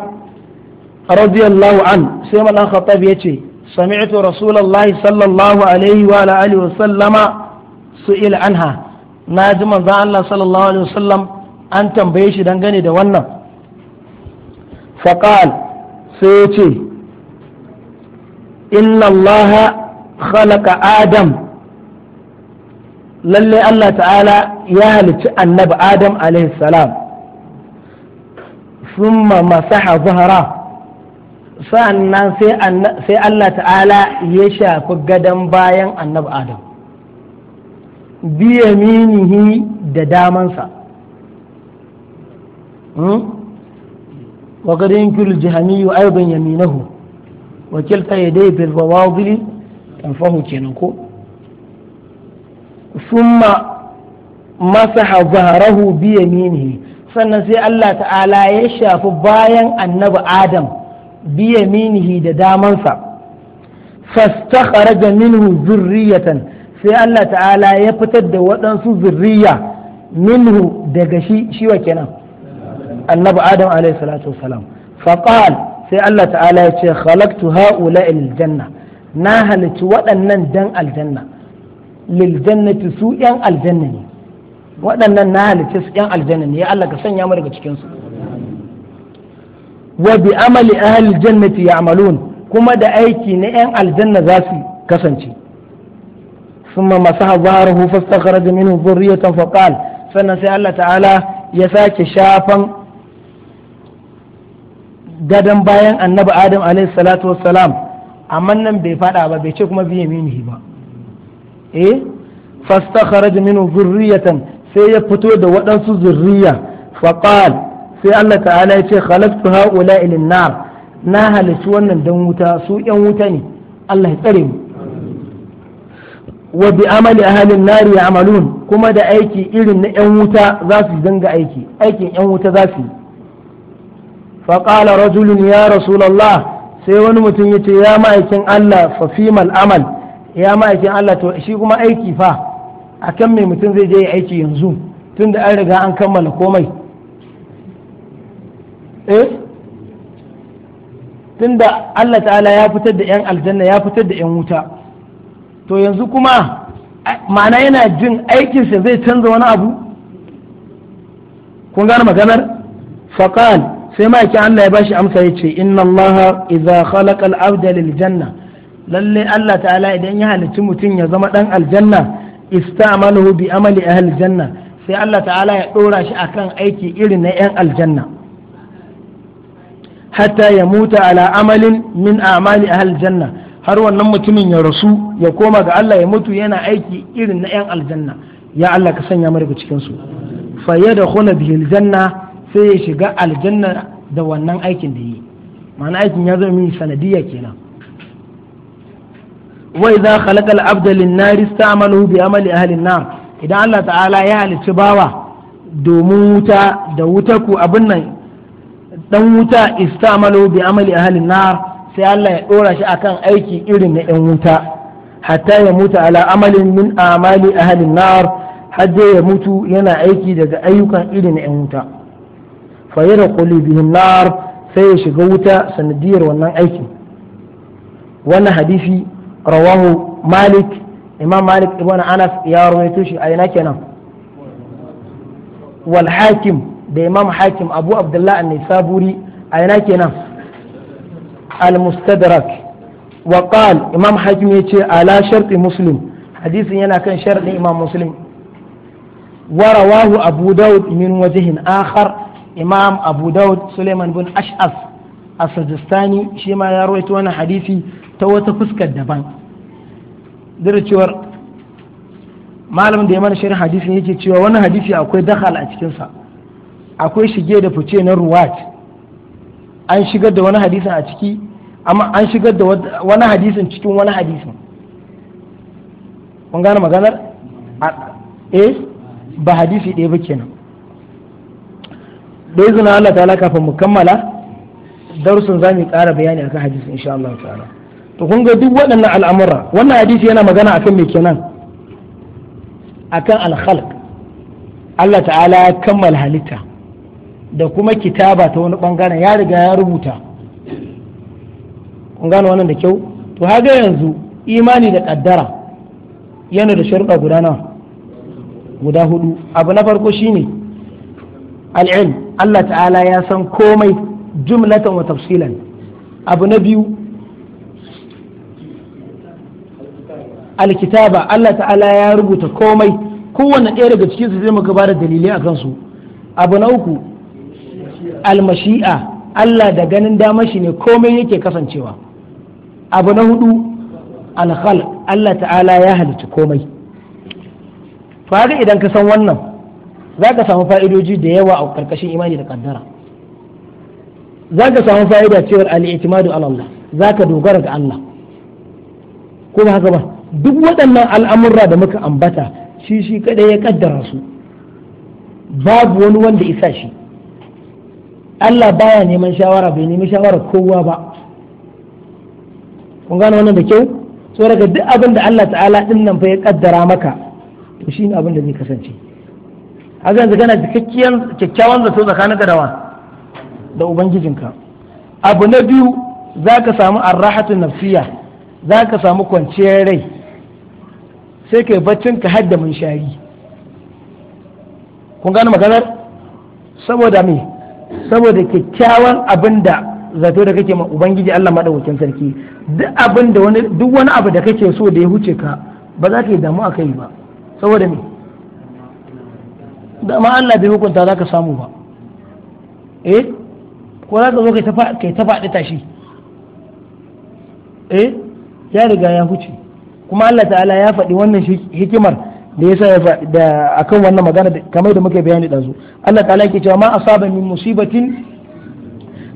radiyallahu an sai malan khattab ya ce sami'atu rasulallah sallallahu alaihi wa sallama su il na ji manzan allah an tambaye shi dangane da wannan faƙal sai ya ce inna allaha khalaqa adam lalle Allah ta'ala ya halicci annabi adam alaihi salam summa masaha zahara sa'annan sai Allah ta'ala ya shafi gadon bayan annabi Adam biyaminihi da damansa wa gadon kul jihamiyu yaminahu wa kilta yadayhi bil bawadili tanfahu kenan ko summa masaha zaharahu bi yaminihi sannan sai Allah ta'ala ya shafi bayan annabi Adam biya minhi da damansa fastakharaja minhu zurriyatan sai Allah ta'ala ya fitar da waɗansu zurriya minhu daga shi shi wa kenan annabi Adam alaihi sai Allah ta'ala ya ce khalaqtu ha'ula lil janna na halici waɗannan dan aljanna lil jannati su yan aljanna ne waɗannan na halice su yan aljanna ne ya Allah ka sanya mu daga cikin su wa bi amali ahli jannati ya'malun kuma da aiki na yan aljanna za su kasance ثم مسح ظهره فاستخرج منه ذرية فقال سنة الله تعالى يساك شافا gadon bayan annabi adam alaihi salatu wassalam amma nan bai fada ba bai ce kuma biye minihi ba eh fastakharaj minhu zurriyatan sai ya fito da waɗansu zurriya faqal sai Allah ta'ala ya ce khalaqtu haula nar na halici wannan dan wuta su yan wuta ne Allah ya tsare mu wa bi amali ahalin nari ya amalun kuma da aiki irin na yan wuta za su dinga aiki aikin yan wuta za su yi faƙala rajulun ya rasulallah sai wani mutum ya ce ya ma'aikin Allah fafimal amal ya ma'aikin Allah to shi kuma aiki fa akan mai mutum zai je ya aiki yanzu tun da an riga an kammala komai eh tun da Allah ta'ala ya fitar da 'yan aljanna ya fitar da 'yan wuta to yanzu kuma ma'ana yana jin aikinsa zai canza wani abu kun gane maganar faƙal sai ma'aikin Allah ya bashi amsa ya ce inna Allah idza khalaqa al-abda lil janna lalle Allah ta'ala idan ya halicci mutum ya zama dan aljanna istamalahu bi amali ahli janna sai Allah ta'ala ya dora shi akan aiki irin na yan aljanna hatta ya muta ala amalin min amali ahli janna har wannan mutumin ya rasu ya koma ga Allah ya mutu yana aiki irin na yan aljanna ya Allah ka sanya mu daga cikin su fa yadkhulu bihi aljanna sai ya shiga aljanna da wannan aikin da yi ma'ana aikin ya zama mini sanadiyya kenan wa idza khalaqa al-abda lin-nar ista'malahu bi amali ahli an-nar idan Allah ta'ala ya halicci bawa domin wuta da wuta ku abin nan dan wuta istamalu bi amali ahli an-nar sai Allah ya dora shi akan aiki irin na 'yan wuta hatta ya mutu ala amalin min amali ahli an-nar har ya mutu yana aiki daga ayyukan irin na 'yan wuta fa yana kuli bihin nar sai ya shiga wuta sanadiyar wannan aikin wannan hadisi rawahu malik imam malik ibn anas ya rawaito shi a ina kenan wal hakim da imam hakim abu abdullah an-nisaburi a ina kenan al-mustadrak wa qal imam hakim yace ala sharti muslim hadisin yana kan sharɗin imam muslim wa rawahu abu daud min wajhin akhar imam abu daud suleiman bin ash'as a sajistani shi ma ya rawaito wani hadisi ta wata fuskar daban duk cewar malamin da ya mana shirin hadisin yake cewa wani hadisi akwai dakhal a cikinsa akwai shige da fice na ruwat an shigar da wani hadisin a ciki amma an shigar da wani hadisin cikin wani hadisin kun gane maganar eh ba hadisi ɗaya ba kenan da izinin Allah ta'ala kafin mu kammala darsun za mu ƙara bayani akan hadisi insha Allah ta'ala to kun ga duk waɗannan al'amura wannan hadisi yana magana akan me kenan akan al-khalq Allah ta'ala ya kammala halitta da kuma kitaba ta wani bangaren ya riga ya rubuta kun gano wannan da kyau to haga yanzu imani da kaddara yana da sharuɗa guda nawa guda hudu abu na farko shine al’in Allah ta'ala ya san komai jumlatan wa tafsilan abu na biyu alkitaba Allah ta'ala ya rubuta komai kowanne ɗaya daga cikin su zai muka bada dalilai a kansu. abu na uku almashi'a Allah da ganin damar shi ne komai yake kasancewa abu na hudu alkhal Allah ta'ala ya halitta komai to idan ka san wannan za ka samu fa'idoji da yawa a ƙarƙashin imani da kaddara za ka samu fa'ida cewar al'itimadu ala Allah za ka dogara ga Allah ko ba haka ba duk waɗannan al'amurra da muka ambata shi shi kaɗai ya ƙaddara su babu wani wanda isa shi Allah baya neman shawara bai nemi shawara kowa ba kun gane wannan da kyau so daga duk abin da Allah ta'ala ɗin nan fa ya ƙaddara maka to ne abin da zai kasance haka yanzu kana cikakkiyar kyakkyawan zato tsakanin ka da wa da ubangijinka abu na biyu za ka samu arrahatun nafsiya za ka samu kwanciyar rai sai ka yi baccin ka hadda munshari kun gani maganar saboda me saboda kyakkyawan abin da zato da kake ma ubangiji Allah madaukakin sarki duk abin da wani duk wani abu da kake so da ya huce ka ba za ka yi damu a kai ba saboda me da ma Allah bai hukunta za ka samu ba eh ko za ka zo kai ta faɗi tashi eh ya riga ya huce kuma Allah ta'ala ya faɗi wannan hikimar da yasa ya faɗi da akan wannan magana kamar da muke bayani ɗazu Allah ta'ala ke cewa ma asaba min musibatin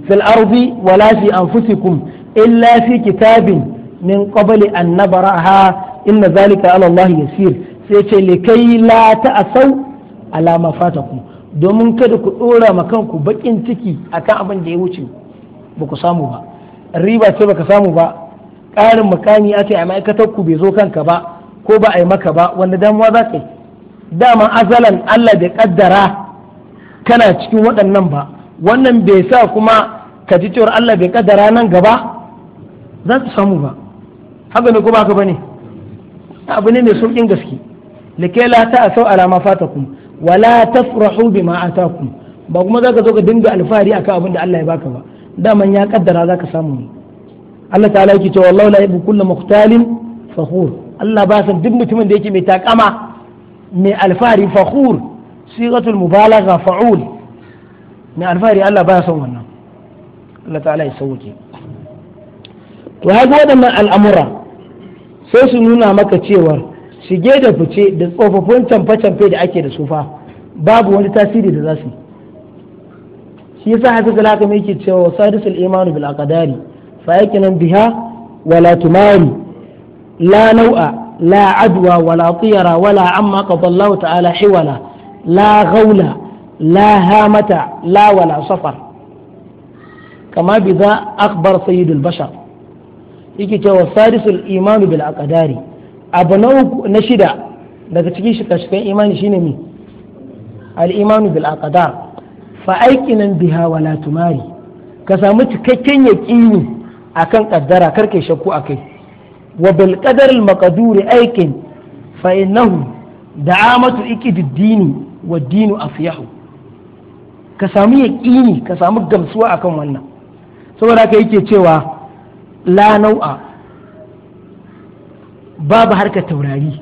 fil ardi wala fi anfusikum illa fi kitabin min qabli an nabraha inna zalika ala Allah yasir sai ce likai la ta'asau alama fata ku domin kada ku dora ma kanku bakin ciki akan abin da ya wuce ba ku samu ba riba ce baka samu ba ƙarin makami ce a ma'aikatar ku bai zo kanka ba ko ba a yi maka ba wanda damuwa za ka yi dama azalan Allah bai kaddara kana cikin waɗannan ba wannan bai sa kuma ka ji cewar Allah bai kaddara nan gaba za ka samu ba haka ne ko ba ka abu ne mai sauƙin gaske lakela ta asau alama fata kuma. wala tafrahu bima atakum ba kuma zaka zo ka dinga alfahari akan abin da Allah ya baka ba daman ya kaddara zaka samu ne Allah ta'ala yake cewa wallahu la yuhibbu kulla mukhtalin fakhur Allah ba san duk mutumin da yake mai takama mai alfahari fakhur sigatul mubalagha fa'ul mai alfahari Allah ba san wannan Allah ta'ala ya sauke to haka waɗannan al'amura sai su nuna maka cewar. shige da fice da tsofaffin camfe-camfe da ake da tsufa babu wani tasiri da za su shi yasa hafiz al-hakim yake cewa sadis al-imanu bil aqdari fa nan biha wala tumari la nau'a la adwa wala tiyara wala amma qadallahu ta'ala hiwala la ghawla la hamata la wala safar kama bi za akhbar sayyidul bashar yake cewa sadis al-imanu bil aqdari abu na shida daga cikin shirka-shirkan imani shine mi al-imanu bil aqdar fa aikinan biha wala tumari ka samu cikakken yaqini akan kaddara karke shakku akai wa bil qadar al maqduri aikin fa innahu da'amatu ikididdini wa dinu afyahu ka samu yaqini ka samu gamsuwa akan wannan saboda yake cewa la nau'a babu harkar taurari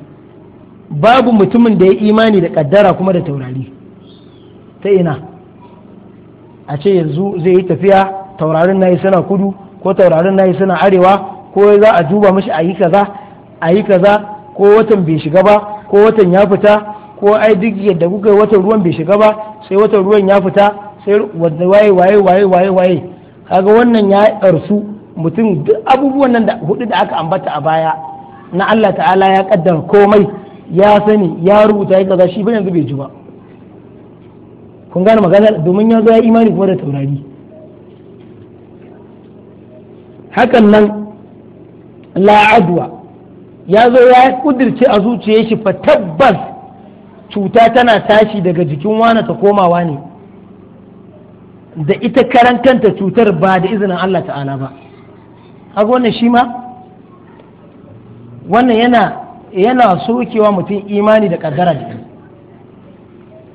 babu mutumin da ya imani da kaddara kuma da taurari ta ina a ce yanzu zai yi tafiya taurarin na yi suna kudu ko taurarin na yi suna arewa ko za a duba mashi a yi kaza a yi kaza ko watan bai shiga ba ko watan ya fita ko ai duk yadda kuka yi watan ruwan bai shiga ba sai watan ruwan ya fita sai waye waye waye waye waye kaga wannan ya ƙarsu mutum duk abubuwan nan da hudu da aka ambata a baya na Allah ta'ala ya kaddara komai ya sani ya rubuta ya kaza shi ba yanzu bai ji ba kun gane magana domin yanzu ya imani kuma da taurari hakan nan la'adwa ya zo ya kudirce a zuciyar shi fa tabbas cuta tana tashi daga jikin wane ta komawa ne da ita karan kanta cutar ba da izinin Allah ta'ala ba a wannan shi ma wannan yana yana sokewa mutum imani da kaddara jiki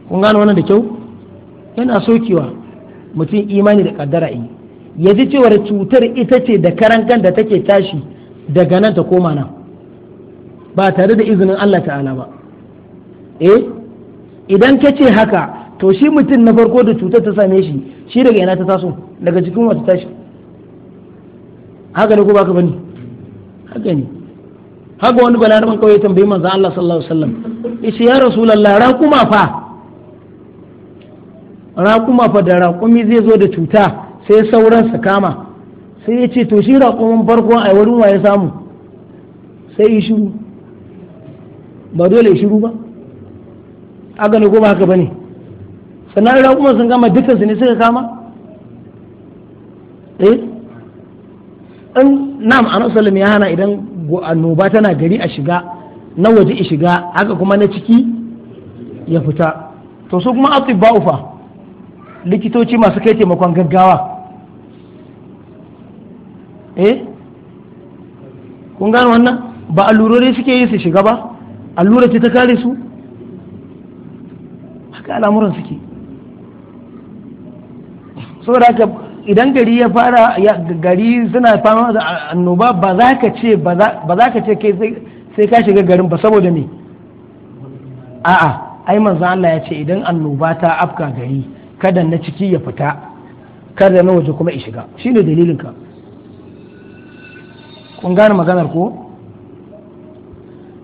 kun gano wannan da kyau yana sokewa mutum imani da kaddara in ya ji cewar cutar ita ce da karan da take tashi daga nan ta koma nan ba tare da izinin Allah ta'ala ba eh idan ka ce haka to shi mutum na farko da cutar ta same shi shi daga yana ta taso daga cikin wata tashi haka ne ko baka bane haka ne haka wani balaraban kawai ya tambayi manzon Allah sallallahu alaihi wasallam ishi ya rasulullah raquma fa raquma fa da raqumi zai zo da cuta sai sauran su kama sai ya ce to shi raqumin farko ai wurin ya samu sai shi shiru ba dole shiru ba aga ne ko ba haka bane sannan raquman sun gama dukkan su ne suka kama eh in nam an sallam ya hana idan annoba tana gari a shiga na waje a shiga haka kuma na ciki ya fita to su kuma ba fa likitoci masu kai taimakon gaggawa eh kun gano wannan ba allurori suke yi su shiga ba allura ce ta kare su haka al'amuran suke saboda haka idan gari ya fara gari suna fama da annoba ba za ka ce ba za ka ce kai sai ka shiga garin ba saboda me a'a ai manzo Allah ya ce idan annoba ta afka gari kada na ciki ya fita kada na waje kuma ya shiga shine dalilin ka kun gane maganar ko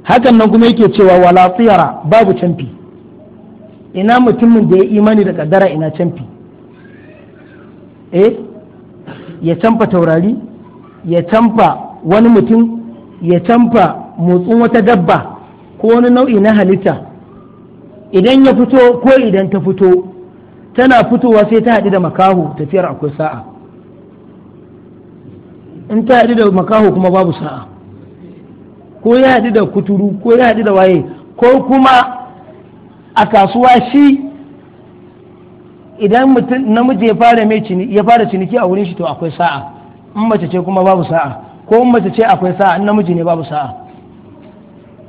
hakan nan kuma yake cewa wala tsiyara babu canfi ina mutumin da ya imani da kaddara ina canfi eh ya canfa taurari ya canfa wani mutum ya canfa motsin wata dabba ko wani nau'i na halitta idan ya fito ko idan ta fito tana fitowa sai ta haɗu da makaho tafiyar akwai sa'a in ta haɗu da makaho kuma babu sa'a ko ya haɗu da kuturu ko ya haɗu da waye ko kuma a kasuwa shi idan mutum namiji ya fara mai ciniki ya fara ciniki a wurin shi to akwai sa'a in mace ce kuma babu sa'a ko in mace ce akwai sa'a in namiji ne babu sa'a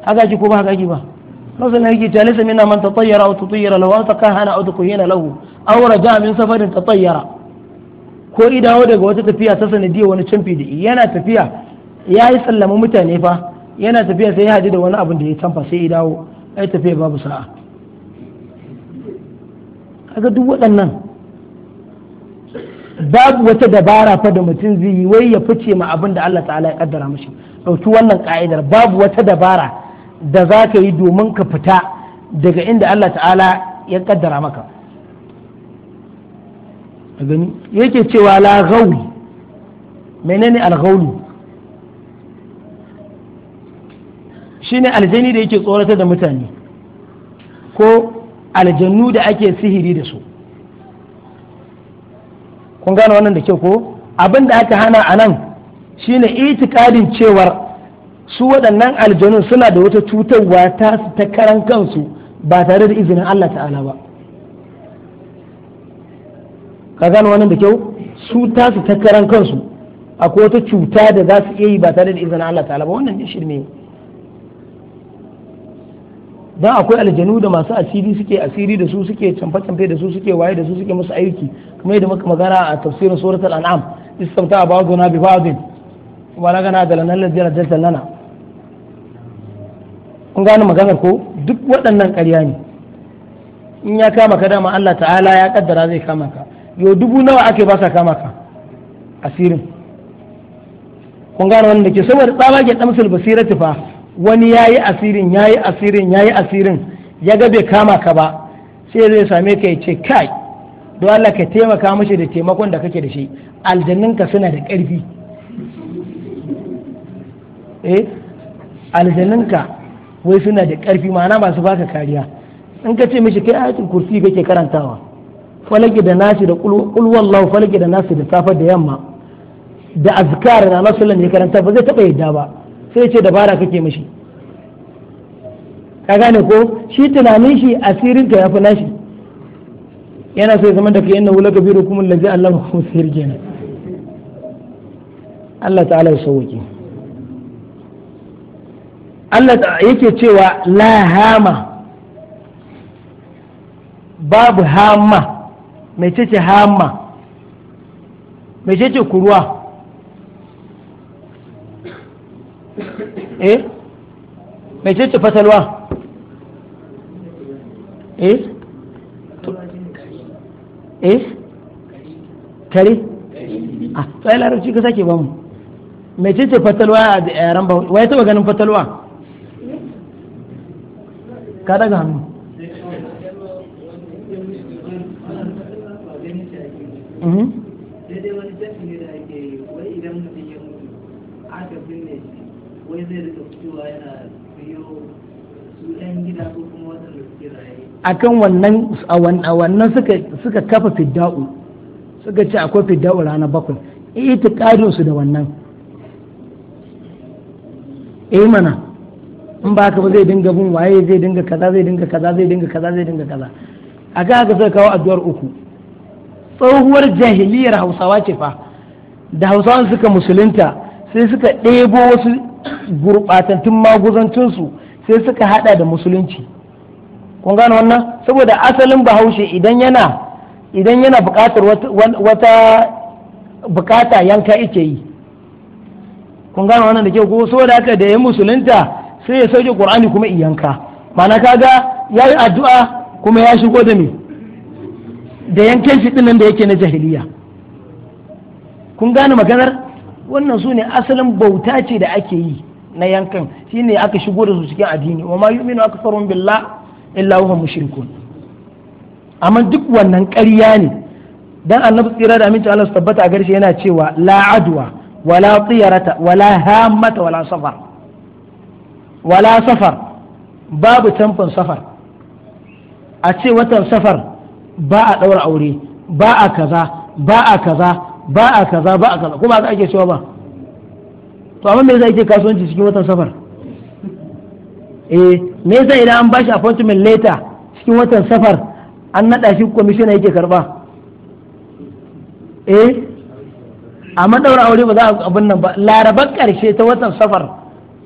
haka ki ko ba haka ki ba nasu ne yake talisa mina man tatayyara aw tutayyara law anta hana aw tukhina lahu aw raja min safarin tatayyara ko idawo daga wata tafiya ta sanadiyar wani canfi da yana tafiya ya yi sallama mutane fa yana tafiya sai ya haji da wani abin da ya canfa sai idawo ai tafiya babu sa'a kaga duk waɗannan babu wata dabara fa da mutum zai yi wai ya fice ma abin da Allah ta'ala ya kaddara mashi ɗauki wannan ka'idar babu wata dabara da za ka yi domin ka fita daga inda Allah ta'ala ya kaddara maka gani yake cewa la gauli menene algauli shine aljani da yake tsoratar da mutane ko aljannu da ake sihiri da su kun gane wannan da kyau ko abin da aka hana a nan shine itikadin cewar su waɗannan aljanun suna da wata cutarwa ta su ta karan kansu ba tare da izinin Allah ta'ala ba ka gane wannan da kyau su ta su ta karan kansu akwai wata cuta da za su iya yi ba tare da izinin Allah ta'ala ba wannan shirme ne dan akwai aljanu da masu asiri suke asiri da su suke canfa-canfe da su suke waye da su suke musu aiki kuma yadda muka magana a tafsirin suratul an'am istamta na bi ba'din wa na gana da allazi da lana kun gane maganar ko duk waɗannan ƙarya ne in ya kama ka dama Allah ta'ala ya kaddara zai kama ka yo dubu nawa ake ba sa kama ka asirin kun gane wanda ke saboda tsabagen damsul basiratu fa wani ya yi asirin ya yi asirin ya yi asirin ya ga bai kama ka ba sai zai same ka ya ce kai don Allah ka taimaka mashi da taimakon da kake da shi aljanninka suna da ƙarfi eh aljanninka wai suna da ƙarfi ma'ana masu baka kariya in ka ce mishi kai ayatul kursi kake karantawa falaki da nasi da kulwallahu falaki da nasi da safar da yamma da azkar na nasullan ya karanta ba zai taɓa yadda ba sai ce dabara kake mishi ka gane ko shi tunanin shi asirin ka yafi nashi yana ya zama da kai inna wula kabiru kuma lazi Allah mu sirri kenan Allah ta'ala ya sauke Allah yake cewa la hama babu hama mai ce hama mai ce kuruwa eh mai ce fatalwa eh eh kare a ah, tsaye larabci ka sake bamu fatalwa a yaren ba wai taba ganin fatalwa ka daga hannu mhm. wai zai rika fitowa yana biyo su ɗan gida ko kuma waɗanda suke raye akan wannan a wannan suka kafa fidda'u suka ce akwai fidda'u rana bakwai eh, itiqadin su da wannan eh mana in ba haka ba zai dinga bin waye zai dinga kaza zai dinga kaza zai dinga kaza zai dinga kaza A aka haka suka kawo addu'ar uku tsohuwar jahiliyar hausawa ce fa da hausawan suka musulunta sai suka ɗebo wasu gurɓatattun maguzancinsu sai suka haɗa da musulunci kun gane wannan saboda asalin bahaushe idan yana idan yana buƙatar wata buƙata yanka ike yi kun gane wannan da kyau ko saboda haka da ya musulunta sai ya sauke qur'ani kuma iyanka ma'ana kaga ya yi addu'a kuma ya shigo da me da yankan shi ɗinnan da yake na jahiliya kun gane maganar wannan su ne asalin bauta ce da ake yi na yankan shi ne aka shigo da su cikin addini wa ma yu'minu aktharuhum billah illa hum mushrikun amma duk wannan ƙarya ne dan annabi tsira da aminci Allah su tabbata a garshe yana cewa la adwa wala tiyarata wala hammata wala safar wala safar babu tamfin safar a ce watan safar ba a daura aure ba a kaza ba a kaza ba a kaza ba a kaza kuma ka ake cewa ba to amma me zai ke kasuwanci cikin watan safar eh me zai idan an bashi appointment later cikin watan safar an nada shi commissioner yake karba eh amma daura aure ba za a abin nan ba larabar karshe ta watan safar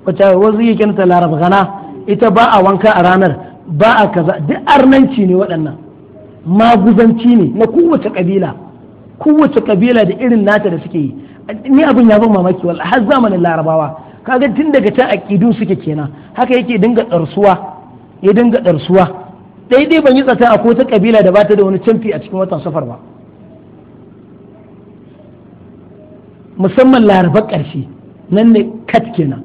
wacce wasu yake ta laraba gana ita ba a wanka a ranar ba a kaza duk arnanci ne waɗannan maguzanci ne na kowace ƙabila kowace kabila da irin nata da suke yi ni abin ya ban mamaki wal har zamanin larabawa kaga tun daga ta aqidu suke kenan haka yake dinga darsuwa ya dinga darsuwa daidai ban yi tsata a kowace kabila da bata da wani canfi a cikin watan safar ba musamman larabar karshe nan ne kat kenan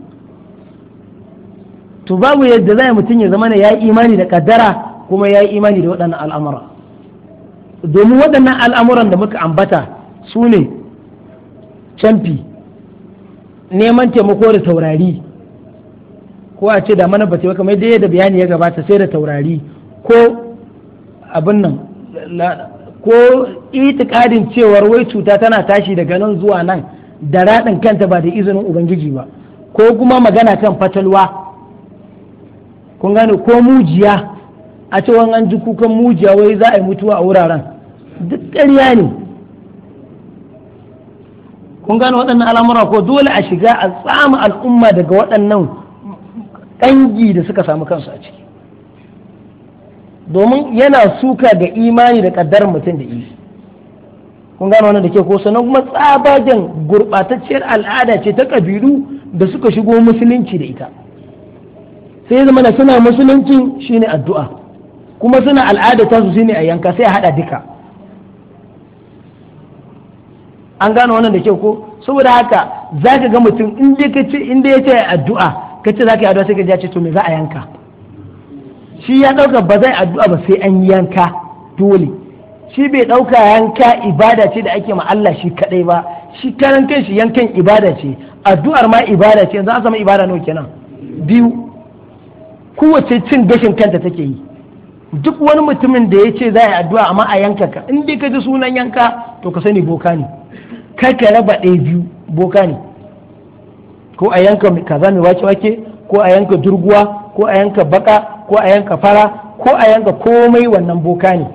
to babu yadda zai mutum ya zama ya yi imani da kaddara kuma ya yi imani da waɗannan al'amura domin waɗannan al'amuran da muka ambata su ne camfi neman taimako da taurari ko a ce da mana ba taimaka mai da bayani ya gabata sai da taurari ko abin nan ko itikadin cewar wai cuta tana tashi daga nan zuwa nan da raɗin kanta ba da izinin ubangiji ba ko kuma magana kan fatalwa kun gane ko mujiya a ce an ji kukan mujiya wai za a yi mutuwa a wuraren duk ƙarya ne kun gane waɗannan al'amura ko dole a shiga a tsama al'umma daga waɗannan ƙangi da suka samu kansu a ciki domin yana suka ga imani da ƙaddar mutum da iri kun gane wannan da ke ko sannan kuma tsabagen gurɓatacciyar al'ada ce ta ƙabilu da suka shigo musulunci da ita sai zama da suna musulunci shine addu'a kuma suna al'ada ta shine a yanka sai a haɗa duka an gano wannan da kyau ko saboda haka za ka ga mutum in dai ya ce addu'a ka ce za ka yi addu'a sai ka ce to me za a yanka shi ya ɗauka ba zai addu'a ba sai an yanka dole shi bai ɗauka yanka ibada ce da ake ma Allah shi kadai ba shi karan kan shi yankan ibada ce addu'ar ma ibada ce yanzu an samu ibada nawa kenan biyu kowace cin gashin kanta take yi duk wani mutumin da ya ce za a yi addu'a amma a yanka ka in dai ka ji sunan yanka to ka sani boka ne kar ka raba ɗaya biyu boka ne ko a yanka kaza mai wace wake ko a yanka durguwa ko a yanka baka ko a yanka fara ko a yanka komai wannan boka ne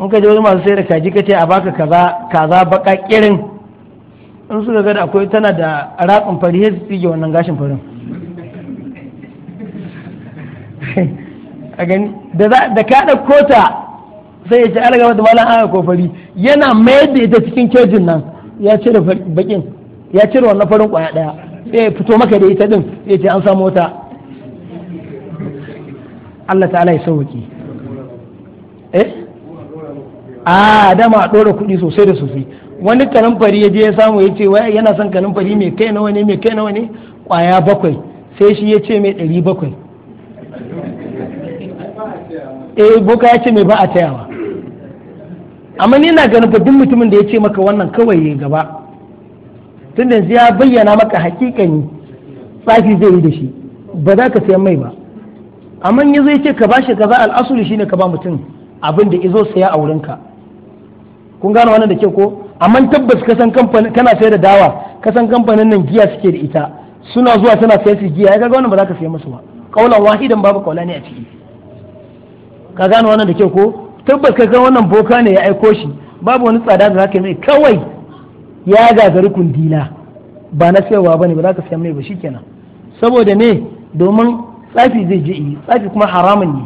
in ka je wani masu sai da kaji ka ce a baka kaza kaza baka kirin in suka ga da akwai tana da ratsin fari sai su tsige wannan gashin farin a gani da ka ɗauko ta sai ya ce an gaba da malam aka kofari yana mayar da ita cikin kejin nan ya cire bakin ya cire wannan farin kwaya daya sai ya fito maka da ita din ya ce an samu wata Allah ta'ala ya sauki eh a ah, dama a dora kuɗi sosai da sosai wani fari ya je ya samu ya ce wai yana son fari mai kai nawa ne mai kai nawa ne kwaya bakwai sai shi ya ce mai ɗari bakwai eh boka ya ce mai ba a tayawa amma ni na ganin fa duk mutumin da ya ce maka wannan kawai ya gaba tun da ya bayyana maka hakikan tsafi zai yi da shi ba za ka sayan mai ba amma ya zai ce ka bashi kaza al'asuli shine ka ba mutum abin da izo saya a wurinka kun gane wannan da ke ko amma tabbas ka san kamfanin kana sayar da dawa ka san kamfanin nan giya suke da ita suna zuwa tana sayar su giya ya ga wannan ba za ka saya musu ba kaulan wahidan babu kaulani a ciki ka gane wannan da ke ko tabbas ka ga wannan boka ne ya aiko shi babu wani tsada da zaka mai kawai ya gagari kundila ba na cewa bane ba za ka mai ba shikenan saboda ne domin tsafi zai je yi tsafi kuma haramun ne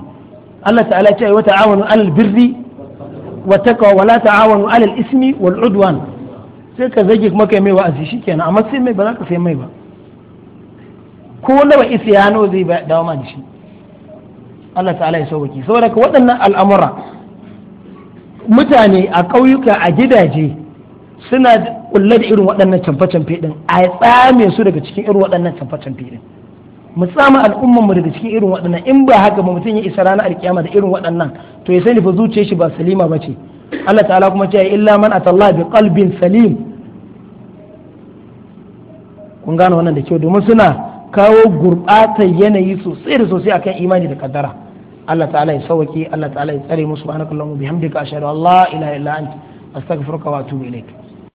Allah ta'ala ce wa ta'awanu alal birri wa taqwa wa la ta'awanu alal ismi wal udwan sai ka zage kuma kai mai wa'azi shikenan amma sai mai ba za ka mai ba ko ba isyano zai dawo ma da shi Allah ta'ala ya sauki saboda ka waɗannan al'amura mutane a ƙauyuka a gidaje suna kulle da irin waɗannan camfe-camfe ɗin a tsame su daga cikin irin waɗannan camfe-camfe mu tsama al'umman mu daga cikin irin waɗannan in ba haka ba mutum ya isa ranar alkiyama da irin waɗannan to ya sani fa zuciyar shi ba salima ba ce Allah ta'ala kuma ce illa man atallaha bi qalbin salim kun gane wannan da kyau domin suna kawo gurɓatar yanayi sosai da sosai akan imani da kaddara Allah ta'ala ya sauke Allah ta'ala ya tsare mu subhanakallahumma bihamdika ashhadu an la ilaha illa anta astaghfiruka